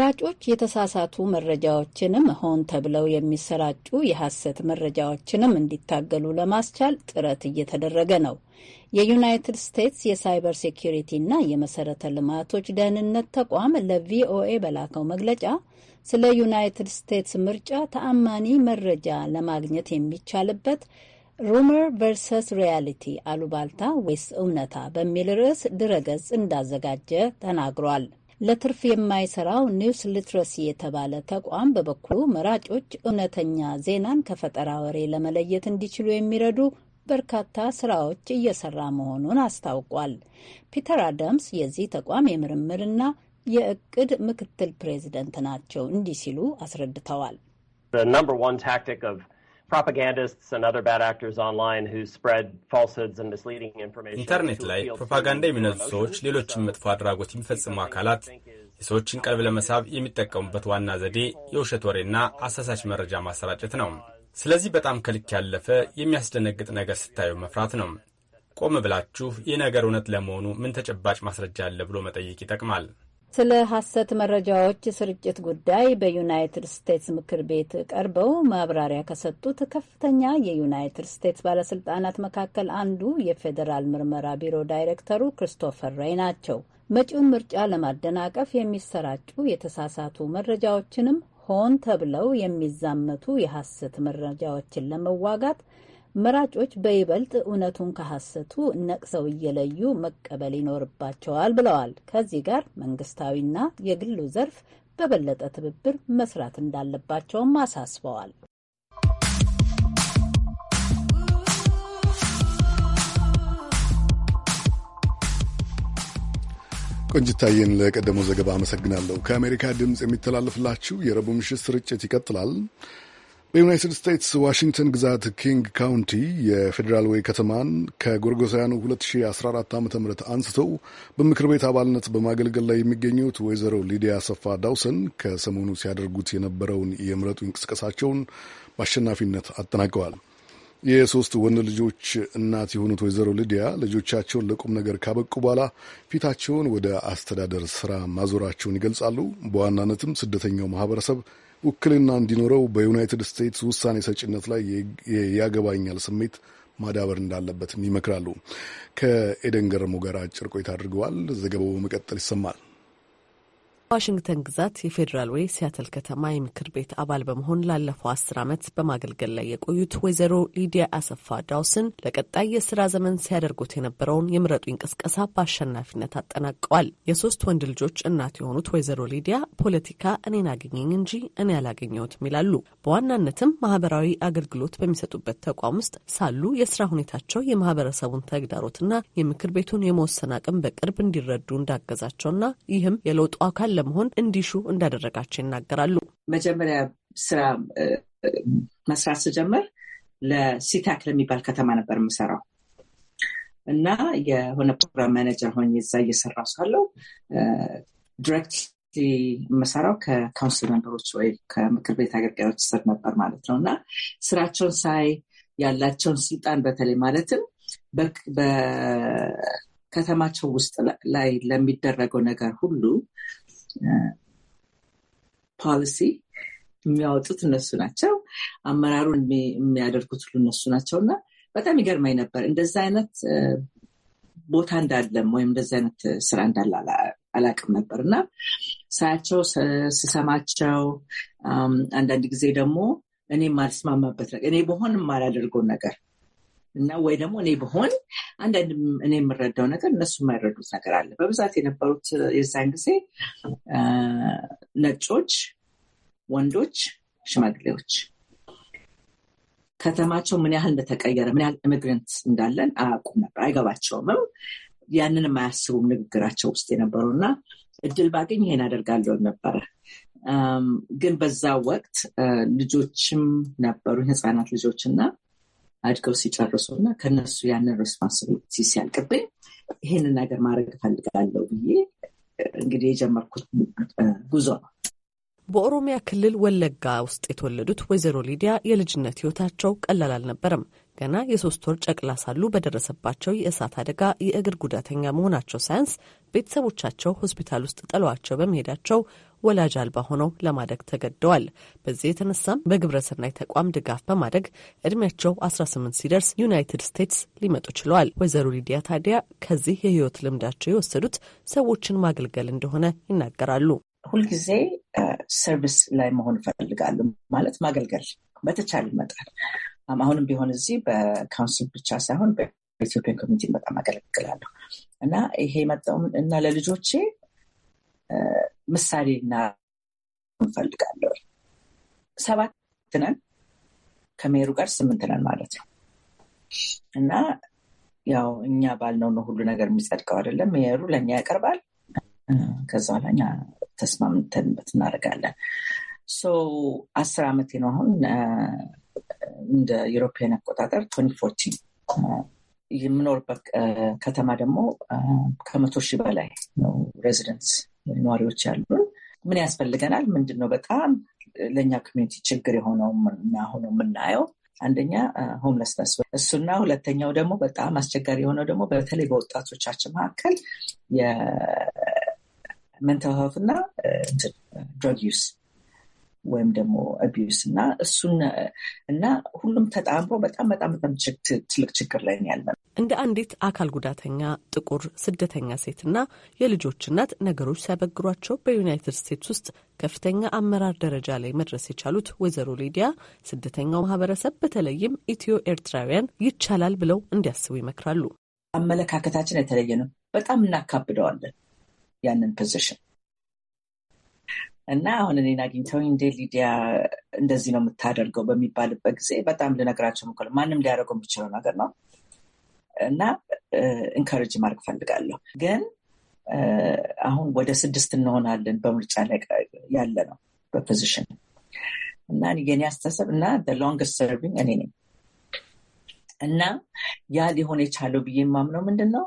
መራጮች የተሳሳቱ መረጃዎችንም ሆን ተብለው የሚሰራጩ የሐሰት መረጃዎችንም እንዲታገሉ ለማስቻል ጥረት እየተደረገ ነው። የዩናይትድ ስቴትስ የሳይበር ሴኪሪቲ እና የመሰረተ ልማቶች ደህንነት ተቋም ለቪኦኤ በላከው መግለጫ ስለ ዩናይትድ ስቴትስ ምርጫ ተአማኒ መረጃ ለማግኘት የሚቻልበት ሩመር ቨርሰስ ሪያሊቲ አሉባልታ ወይስ እውነታ በሚል ርዕስ ድረገጽ እንዳዘጋጀ ተናግሯል። ለትርፍ የማይሰራው ኒውስ ሊትረሲ የተባለ ተቋም በበኩሉ መራጮች እውነተኛ ዜናን ከፈጠራ ወሬ ለመለየት እንዲችሉ የሚረዱ በርካታ ስራዎች እየሰራ መሆኑን አስታውቋል። ፒተር አዳምስ የዚህ ተቋም የምርምርና የእቅድ ምክትል ፕሬዚደንት ናቸው። እንዲህ ሲሉ አስረድተዋል። ኢንተርኔት ላይ ፕሮፓጋንዳ የሚነዙ ሰዎች፣ ሌሎችም መጥፎ አድራጎት የሚፈጽሙ አካላት የሰዎችን ቀልብ ለመሳብ የሚጠቀሙበት ዋና ዘዴ የውሸት ወሬና አሳሳች መረጃ ማሰራጨት ነው። ስለዚህ በጣም ከልክ ያለፈ የሚያስደነግጥ ነገር ስታዩ መፍራት ነው። ቆም ብላችሁ ይህ ነገር እውነት ለመሆኑ ምን ተጨባጭ ማስረጃ አለ ብሎ መጠየቅ ይጠቅማል። ስለ ሐሰት መረጃዎች ስርጭት ጉዳይ በዩናይትድ ስቴትስ ምክር ቤት ቀርበው ማብራሪያ ከሰጡት ከፍተኛ የዩናይትድ ስቴትስ ባለስልጣናት መካከል አንዱ የፌዴራል ምርመራ ቢሮ ዳይሬክተሩ ክርስቶፈር ሬይ ናቸው። መጪውን ምርጫ ለማደናቀፍ የሚሰራጩ የተሳሳቱ መረጃዎችንም ሆን ተብለው የሚዛመቱ የሐሰት መረጃዎችን ለመዋጋት መራጮች በይበልጥ እውነቱን ከሐሰቱ ነቅሰው እየለዩ መቀበል ይኖርባቸዋል ብለዋል። ከዚህ ጋር መንግስታዊና የግሉ ዘርፍ በበለጠ ትብብር መስራት እንዳለባቸውም አሳስበዋል። ቆንጅታየን ለቀደመው ዘገባ አመሰግናለሁ። ከአሜሪካ ድምፅ የሚተላለፍላችሁ የረቡዕ ምሽት ስርጭት ይቀጥላል። በዩናይትድ ስቴትስ ዋሽንግተን ግዛት ኪንግ ካውንቲ የፌዴራል ዌይ ከተማን ከጎርጎሳውያኑ 2014 ዓ ም አንስተው በምክር ቤት አባልነት በማገልገል ላይ የሚገኙት ወይዘሮ ሊዲያ ሰፋ ዳውሰን ከሰሞኑ ሲያደርጉት የነበረውን የምረጡ እንቅስቃሴያቸውን በአሸናፊነት አጠናቀዋል። የሶስት ወንድ ልጆች እናት የሆኑት ወይዘሮ ልዲያ ልጆቻቸውን ለቁም ነገር ካበቁ በኋላ ፊታቸውን ወደ አስተዳደር ስራ ማዞራቸውን ይገልጻሉ። በዋናነትም ስደተኛው ማህበረሰብ ውክልና እንዲኖረው በዩናይትድ ስቴትስ ውሳኔ ሰጭነት ላይ ያገባኛል ስሜት ማዳበር እንዳለበትም ይመክራሉ። ከኤደን ገረሞ ጋር አጭር ቆይታ አድርገዋል። ዘገባው በመቀጠል ይሰማል። በዋሽንግተን ግዛት የፌዴራል ወይ ሲያትል ከተማ የምክር ቤት አባል በመሆን ላለፈው አስር ዓመት በማገልገል ላይ የቆዩት ወይዘሮ ሊዲያ አሰፋ ዳውስን ለቀጣይ የስራ ዘመን ሲያደርጉት የነበረውን የምረጡኝ እንቅስቀሳ በአሸናፊነት አጠናቀዋል። የሶስት ወንድ ልጆች እናት የሆኑት ወይዘሮ ሊዲያ ፖለቲካ እኔን አገኘኝ እንጂ እኔ አላገኘሁትም ይላሉ። በዋናነትም ማህበራዊ አገልግሎት በሚሰጡበት ተቋም ውስጥ ሳሉ የስራ ሁኔታቸው የማህበረሰቡን ተግዳሮትና የምክር ቤቱን የመወሰን አቅም በቅርብ እንዲረዱ እንዳገዛቸውና ይህም የለውጡ አካል ለመሆን እንዲሹ እንዳደረጋቸው ይናገራሉ። መጀመሪያ ስራ መስራት ስጀምር ለሲታክ ለሚባል ከተማ ነበር የምሰራው እና የሆነ ፕሮግራም ማኔጀር ሆኜ እዛ እየሰራሁ ሳለው ዲሬክት የምሰራው ከካውንስል መንበሮች ወይ ከምክር ቤት አገልጋዮች ስር ነበር ማለት ነው እና ስራቸውን ሳይ ያላቸውን ስልጣን በተለይ ማለትም በከተማቸው ውስጥ ላይ ለሚደረገው ነገር ሁሉ ፖሊሲ የሚያወጡት እነሱ ናቸው። አመራሩን የሚያደርጉት ሁሉ እነሱ ናቸው እና በጣም ይገርማኝ ነበር እንደዛ አይነት ቦታ እንዳለም ወይም እንደዚ አይነት ስራ እንዳለ አላቅም ነበር እና ሳያቸው ስሰማቸው፣ አንዳንድ ጊዜ ደግሞ እኔ የማልስማማበት ነገር እኔ በሆን የማላደርገውን ነገር እና ወይ ደግሞ እኔ በሆን አንዳንድ እኔ የምረዳው ነገር እነሱ የማይረዱት ነገር አለ። በብዛት የነበሩት የዛን ጊዜ ነጮች ወንዶች፣ ሽማግሌዎች ከተማቸው ምን ያህል እንደተቀየረ ምን ያህል ኢሚግረንት እንዳለን አያውቁም ነበር፣ አይገባቸውምም። ያንን የማያስቡም ንግግራቸው ውስጥ የነበሩ እና እድል ባገኝ ይሄን አደርጋለሁ ነበረ። ግን በዛ ወቅት ልጆችም ነበሩ ህፃናት ልጆች እና አድገው ሲጨርሱ እና ከነሱ ያንን ሬስፖንሲቢሊቲ ሲያልቅብኝ ይህንን ነገር ማድረግ እፈልጋለሁ ብዬ እንግዲህ የጀመርኩት ጉዞ ነው። በኦሮሚያ ክልል ወለጋ ውስጥ የተወለዱት ወይዘሮ ሊዲያ የልጅነት ህይወታቸው ቀላል አልነበረም። ገና የሶስት ወር ጨቅላ ሳሉ በደረሰባቸው የእሳት አደጋ የእግር ጉዳተኛ መሆናቸው ሳያንስ ቤተሰቦቻቸው ሆስፒታል ውስጥ ጥለዋቸው በመሄዳቸው ወላጅ አልባ ሆነው ለማደግ ተገደዋል። በዚህ የተነሳም በግብረሰናይ ተቋም ድጋፍ በማደግ እድሜያቸው 18 ሲደርስ ዩናይትድ ስቴትስ ሊመጡ ችለዋል። ወይዘሮ ሊዲያ ታዲያ ከዚህ የህይወት ልምዳቸው የወሰዱት ሰዎችን ማገልገል እንደሆነ ይናገራሉ። ሁልጊዜ ሰርቪስ ላይ መሆን እፈልጋለሁ፣ ማለት ማገልገል በተቻለ ይመጣል። አሁንም ቢሆን እዚህ በካውንስል ብቻ ሳይሆን በኢትዮጵያን ኮሚኒቲ በጣም አገለግላለሁ እና ይሄ መጣውም እና ለልጆቼ ምሳሌ እና እንፈልጋለሁ። ሰባት ነን ከሜሩ ጋር ስምንት ነን ማለት ነው እና ያው እኛ ባልነው ነው ሁሉ ነገር የሚጸድቀው አይደለም። ሜሩ ለእኛ ያቀርባል። ከዛ በኋላ እኛ ተስማምተንበት እናደርጋለን። ሶ አስር ዓመቴ ነው አሁን እንደ ዩሮፒያን አቆጣጠር ቶኒ ፎርቲን የምኖርበት ከተማ ደግሞ ከመቶ ሺህ በላይ ነው ሬዚደንስ ነዋሪዎች ያሉን ምን ያስፈልገናል? ምንድን ነው በጣም ለእኛ ኮሚኒቲ ችግር የሆነውና ሆኖ የምናየው አንደኛ ሆምለስነስ እሱና፣ ሁለተኛው ደግሞ በጣም አስቸጋሪ የሆነው ደግሞ በተለይ በወጣቶቻችን መካከል የሜንታል ሄልዝ እና ድረግ ዩስ ወይም ደግሞ አቢዩስ እና እሱን እና ሁሉም ተጣምሮ በጣም በጣም በጣም ትልቅ ችግር ላይ ያለ እንደ አንዲት አካል ጉዳተኛ ጥቁር ስደተኛ ሴትና የልጆች እናት ነገሮች ሲያበግሯቸው በዩናይትድ ስቴትስ ውስጥ ከፍተኛ አመራር ደረጃ ላይ መድረስ የቻሉት ወይዘሮ ሊዲያ ስደተኛው ማህበረሰብ በተለይም ኢትዮ ኤርትራውያን ይቻላል ብለው እንዲያስቡ ይመክራሉ። አመለካከታችን የተለየ ነው። በጣም እናካብደዋለን ያንን ፖዚሽን እና አሁን እኔን አግኝተውኝ እንዴ ሊዲያ እንደዚህ ነው የምታደርገው በሚባልበት ጊዜ በጣም ልነግራቸው ምክል ማንም ሊያደርገው የሚችለው ነገር ነው እና ኢንካሬጅ ማድረግ ፈልጋለሁ። ግን አሁን ወደ ስድስት እንሆናለን በምርጫ ላይ ያለ ነው በፖዚሽን እና የኔ አስተሳሰብ እና ሎንግስት ሰርቪንግ እኔ ነኝ እና ያ ሊሆን የቻለው ብዬ የማምነው ምንድን ነው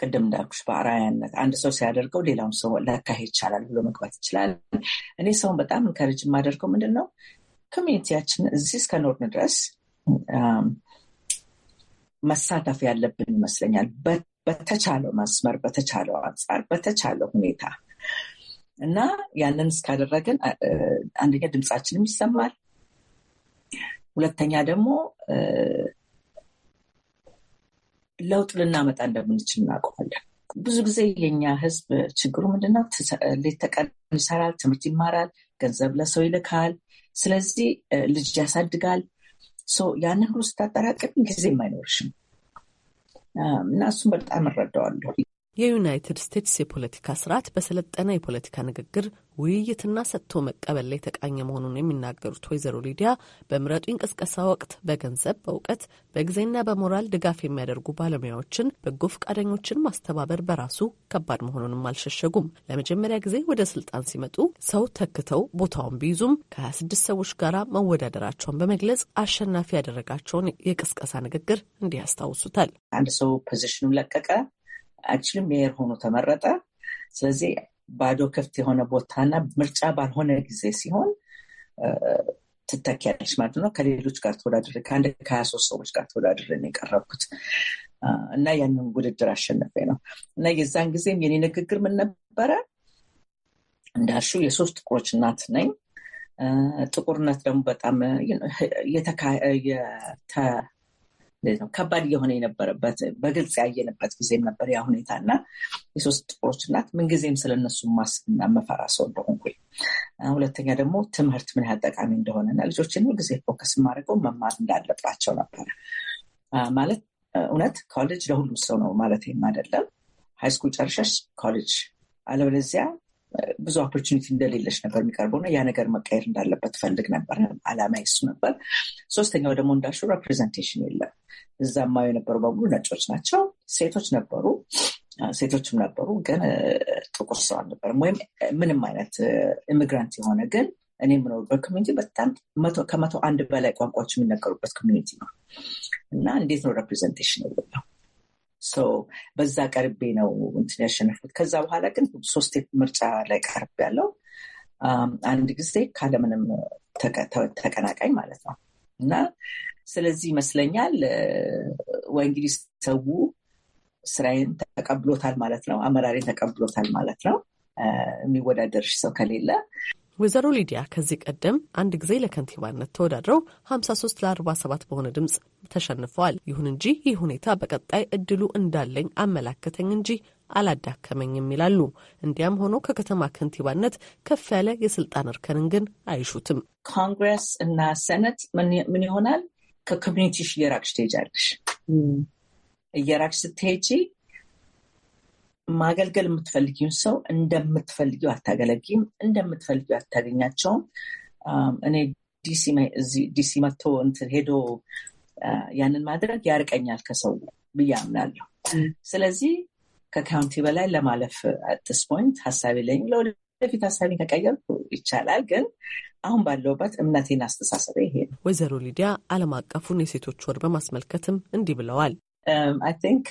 ቅድም እንዳልኩሽ በአራያነት አንድ ሰው ሲያደርገው ሌላውን ሰው ለካሄድ ይቻላል ብሎ መግባት ይችላል። እኔ ሰውን በጣም እንከርጅ የማደርገው ምንድን ነው ኮሚኒቲያችን እዚህ እስከኖርን ድረስ መሳተፍ ያለብን ይመስለኛል። በተቻለው መስመር፣ በተቻለው አንጻር፣ በተቻለው ሁኔታ እና ያንን እስካደረግን አንደኛ ድምፃችንም ይሰማል፣ ሁለተኛ ደግሞ ለውጥ ልናመጣ እንደምንችል እናውቀዋለን። ብዙ ጊዜ የኛ ህዝብ ችግሩ ምንድነው? ሌት ተቀን ይሰራል፣ ትምህርት ይማራል፣ ገንዘብ ለሰው ይልካል፣ ስለዚህ ልጅ ያሳድጋል። ያንን ሁሉ ስታጠራቅም ጊዜም አይኖርሽም እና እሱም በጣም እረዳዋለሁ። የዩናይትድ ስቴትስ የፖለቲካ ስርዓት በሰለጠነ የፖለቲካ ንግግር ውይይትና ሰጥቶ መቀበል ላይ የተቃኘ መሆኑን የሚናገሩት ወይዘሮ ሊዲያ በምረጡ እንቅስቀሳ ወቅት በገንዘብ፣ በእውቀት፣ በጊዜና በሞራል ድጋፍ የሚያደርጉ ባለሙያዎችን፣ በጎ ፈቃደኞችን ማስተባበር በራሱ ከባድ መሆኑንም አልሸሸጉም። ለመጀመሪያ ጊዜ ወደ ስልጣን ሲመጡ ሰው ተክተው ቦታውን ቢይዙም ከ26 ሰዎች ጋር መወዳደራቸውን በመግለጽ አሸናፊ ያደረጋቸውን የቅስቀሳ ንግግር እንዲህ ያስታውሱታል። አንድ ሰው ፖዚሽኑን ለቀቀ አችልም ሜየር ሆኖ ተመረጠ። ስለዚህ ባዶ ክፍት የሆነ ቦታና ምርጫ ባልሆነ ጊዜ ሲሆን ትተኪያለች ማለት ነው። ከሌሎች ጋር ተወዳድር ከአንድ ከሀያ ሶስት ሰዎች ጋር ተወዳድሬ የቀረብኩት እና ያንን ውድድር አሸነፌ ነው እና የዛን ጊዜም የኔ ንግግር ምን ነበረ? እንዳልሽው የሶስት ጥቁሮች እናት ነኝ። ጥቁርነት ደግሞ በጣም ከባድ እየሆነ የነበረበት በግልጽ ያየንበት ጊዜም ነበር ያ ሁኔታ እና የሶስት ጥቁሮች እናት ምንጊዜም ስለነሱ ማስብና መፈራ ሰው እንደሆንኩኝ፣ ሁለተኛ ደግሞ ትምህርት ምን ያህል ጠቃሚ እንደሆነ እና ልጆችን ጊዜ ፎከስ የማደርገው መማር እንዳለባቸው ነበር። ማለት እውነት ኮሌጅ ለሁሉም ሰው ነው ማለት አይደለም። ሃይስኩል ጨርሸሽ ኮሌጅ አለበለዚያ ብዙ ኦፖርቹኒቲ እንደሌለች ነበር የሚቀርበው እና ያ ነገር መቀየር እንዳለበት ፈልግ ነበር። አላማ ይሱ ነበር። ሶስተኛው ደግሞ እንዳልሽው ሬፕሬዘንቴሽን የለም። እዛማ የነበሩ በሙሉ ነጮች ናቸው። ሴቶች ነበሩ ሴቶችም ነበሩ፣ ግን ጥቁር ሰው አልነበርም ወይም ምንም አይነት ኢሚግራንት የሆነ ግን እኔ የምኖርበት ኮሚኒቲ በጣም ከመቶ አንድ በላይ ቋንቋዎች የሚነገሩበት ኮሚኒቲ ነው እና እንዴት ነው ሬፕሬዘንቴሽን የሌለው በዛ ቀርቤ ነው እንትን ያሸነፍኩት። ከዛ በኋላ ግን ሶስት ምርጫ ላይ ቀርብ ያለው አንድ ጊዜ ካለምንም ተቀናቃኝ ማለት ነው እና ስለዚህ ይመስለኛል ወይ እንግዲህ ሰው ስራዬን ተቀብሎታል ማለት ነው፣ አመራሬን ተቀብሎታል ማለት ነው። የሚወዳደርሽ ሰው ከሌለ ወይዘሮ ሊዲያ ከዚህ ቀደም አንድ ጊዜ ለከንቲባነት ተወዳድረው 53 ለ47 በሆነ ድምፅ ተሸንፈዋል። ይሁን እንጂ ይህ ሁኔታ በቀጣይ እድሉ እንዳለኝ አመላከተኝ እንጂ አላዳከመኝም ይላሉ። እንዲያም ሆኖ ከከተማ ከንቲባነት ከፍ ያለ የስልጣን እርከንን ግን አይሹትም። ኮንግረስ እና ሰነት ምን ይሆናል? ከኮሚኒቲሽ እየራቅሽ ትሄጃለሽ። እየራቅሽ ስትሄጂ ማገልገል የምትፈልጊውን ሰው እንደምትፈልጊው አታገለጊም፣ እንደምትፈልጊው አታገኛቸውም። እኔ ዲሲ መጥቶ እንትን ሄዶ ያንን ማድረግ ያርቀኛል ከሰው ብዬ አምናለሁ። ስለዚህ ከካውንቲ በላይ ለማለፍ አትስ ፖይንት ሀሳቢ ለኝ ለወደፊት ሀሳቢ ከቀየርኩ ይቻላል ግን አሁን ባለውበት እምነቴን አስተሳሰበ ይሄ ነው። ወይዘሮ ሊዲያ ዓለም አቀፉን የሴቶች ወር በማስመልከትም እንዲህ ብለዋል። አይ ቲንክ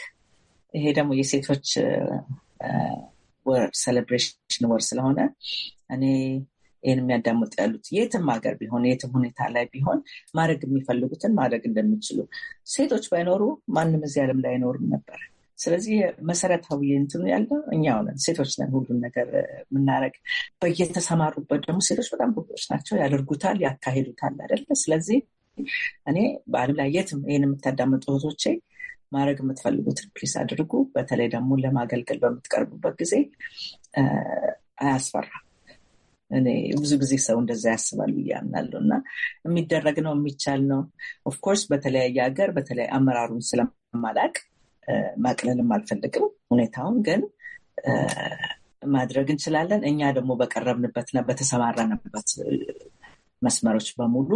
ይሄ ደግሞ የሴቶች ወር ሴሌብሬሽን ወር ስለሆነ እኔ ይህን የሚያዳምጡ ያሉት የትም ሀገር ቢሆን የትም ሁኔታ ላይ ቢሆን ማድረግ የሚፈልጉትን ማድረግ እንደሚችሉ ሴቶች ባይኖሩ ማንም እዚህ ዓለም ላይ አይኖርም ነበር። ስለዚህ መሰረታዊ እንትኑ ያለው እኛ ነን፣ ሴቶች ነን። ሁሉን ነገር የምናደርግ በየተሰማሩበት ደግሞ ሴቶች በጣም ብዙዎች ናቸው። ያደርጉታል፣ ያካሂዱታል አይደለ? ስለዚህ እኔ በዓለም ላይ የትም ይህን የምታዳምጡ እህቶቼ ማድረግ የምትፈልጉትን ፕሊስ አድርጉ። በተለይ ደግሞ ለማገልገል በምትቀርቡበት ጊዜ አያስፈራም። እኔ ብዙ ጊዜ ሰው እንደዛ ያስባል ብዬ አምናለሁ እና የሚደረግ ነው የሚቻል ነው። ኦፍኮርስ በተለያየ ሀገር በተለይ አመራሩን ስለማላቅ ማቅለልም አልፈልግም ሁኔታውን ግን ማድረግ እንችላለን። እኛ ደግሞ በቀረብንበትና በተሰማራንበት መስመሮች በሙሉ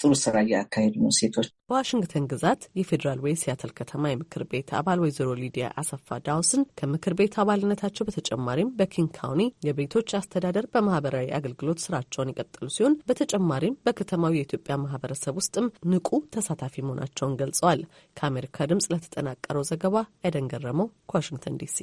ጥሩ ስራ እያካሄዱ ነው ሴቶች። በዋሽንግተን ግዛት የፌዴራል ወይ ሲያትል ከተማ የምክር ቤት አባል ወይዘሮ ሊዲያ አሰፋ ዳውስን ከምክር ቤት አባልነታቸው በተጨማሪም በኪንግ ካውኒ የቤቶች አስተዳደር በማህበራዊ አገልግሎት ስራቸውን የቀጠሉ ሲሆን በተጨማሪም በከተማው የኢትዮጵያ ማህበረሰብ ውስጥም ንቁ ተሳታፊ መሆናቸውን ገልጸዋል። ከአሜሪካ ድምጽ ለተጠናቀረው ዘገባ ኤደን ገረመው ከዋሽንግተን ዲሲ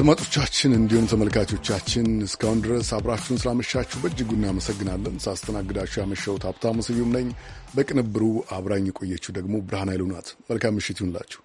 አድማጮቻችን እንዲሁም ተመልካቾቻችን እስካሁን ድረስ አብራችሁን ስላመሻችሁ በእጅጉ እናመሰግናለን። ሳስተናግዳችሁ ያመሸሁት ሀብታሙ ስዩም ነኝ። በቅንብሩ አብራኝ የቆየችው ደግሞ ብርሃን ኃይሉ ናት። መልካም ምሽት ይሁንላችሁ።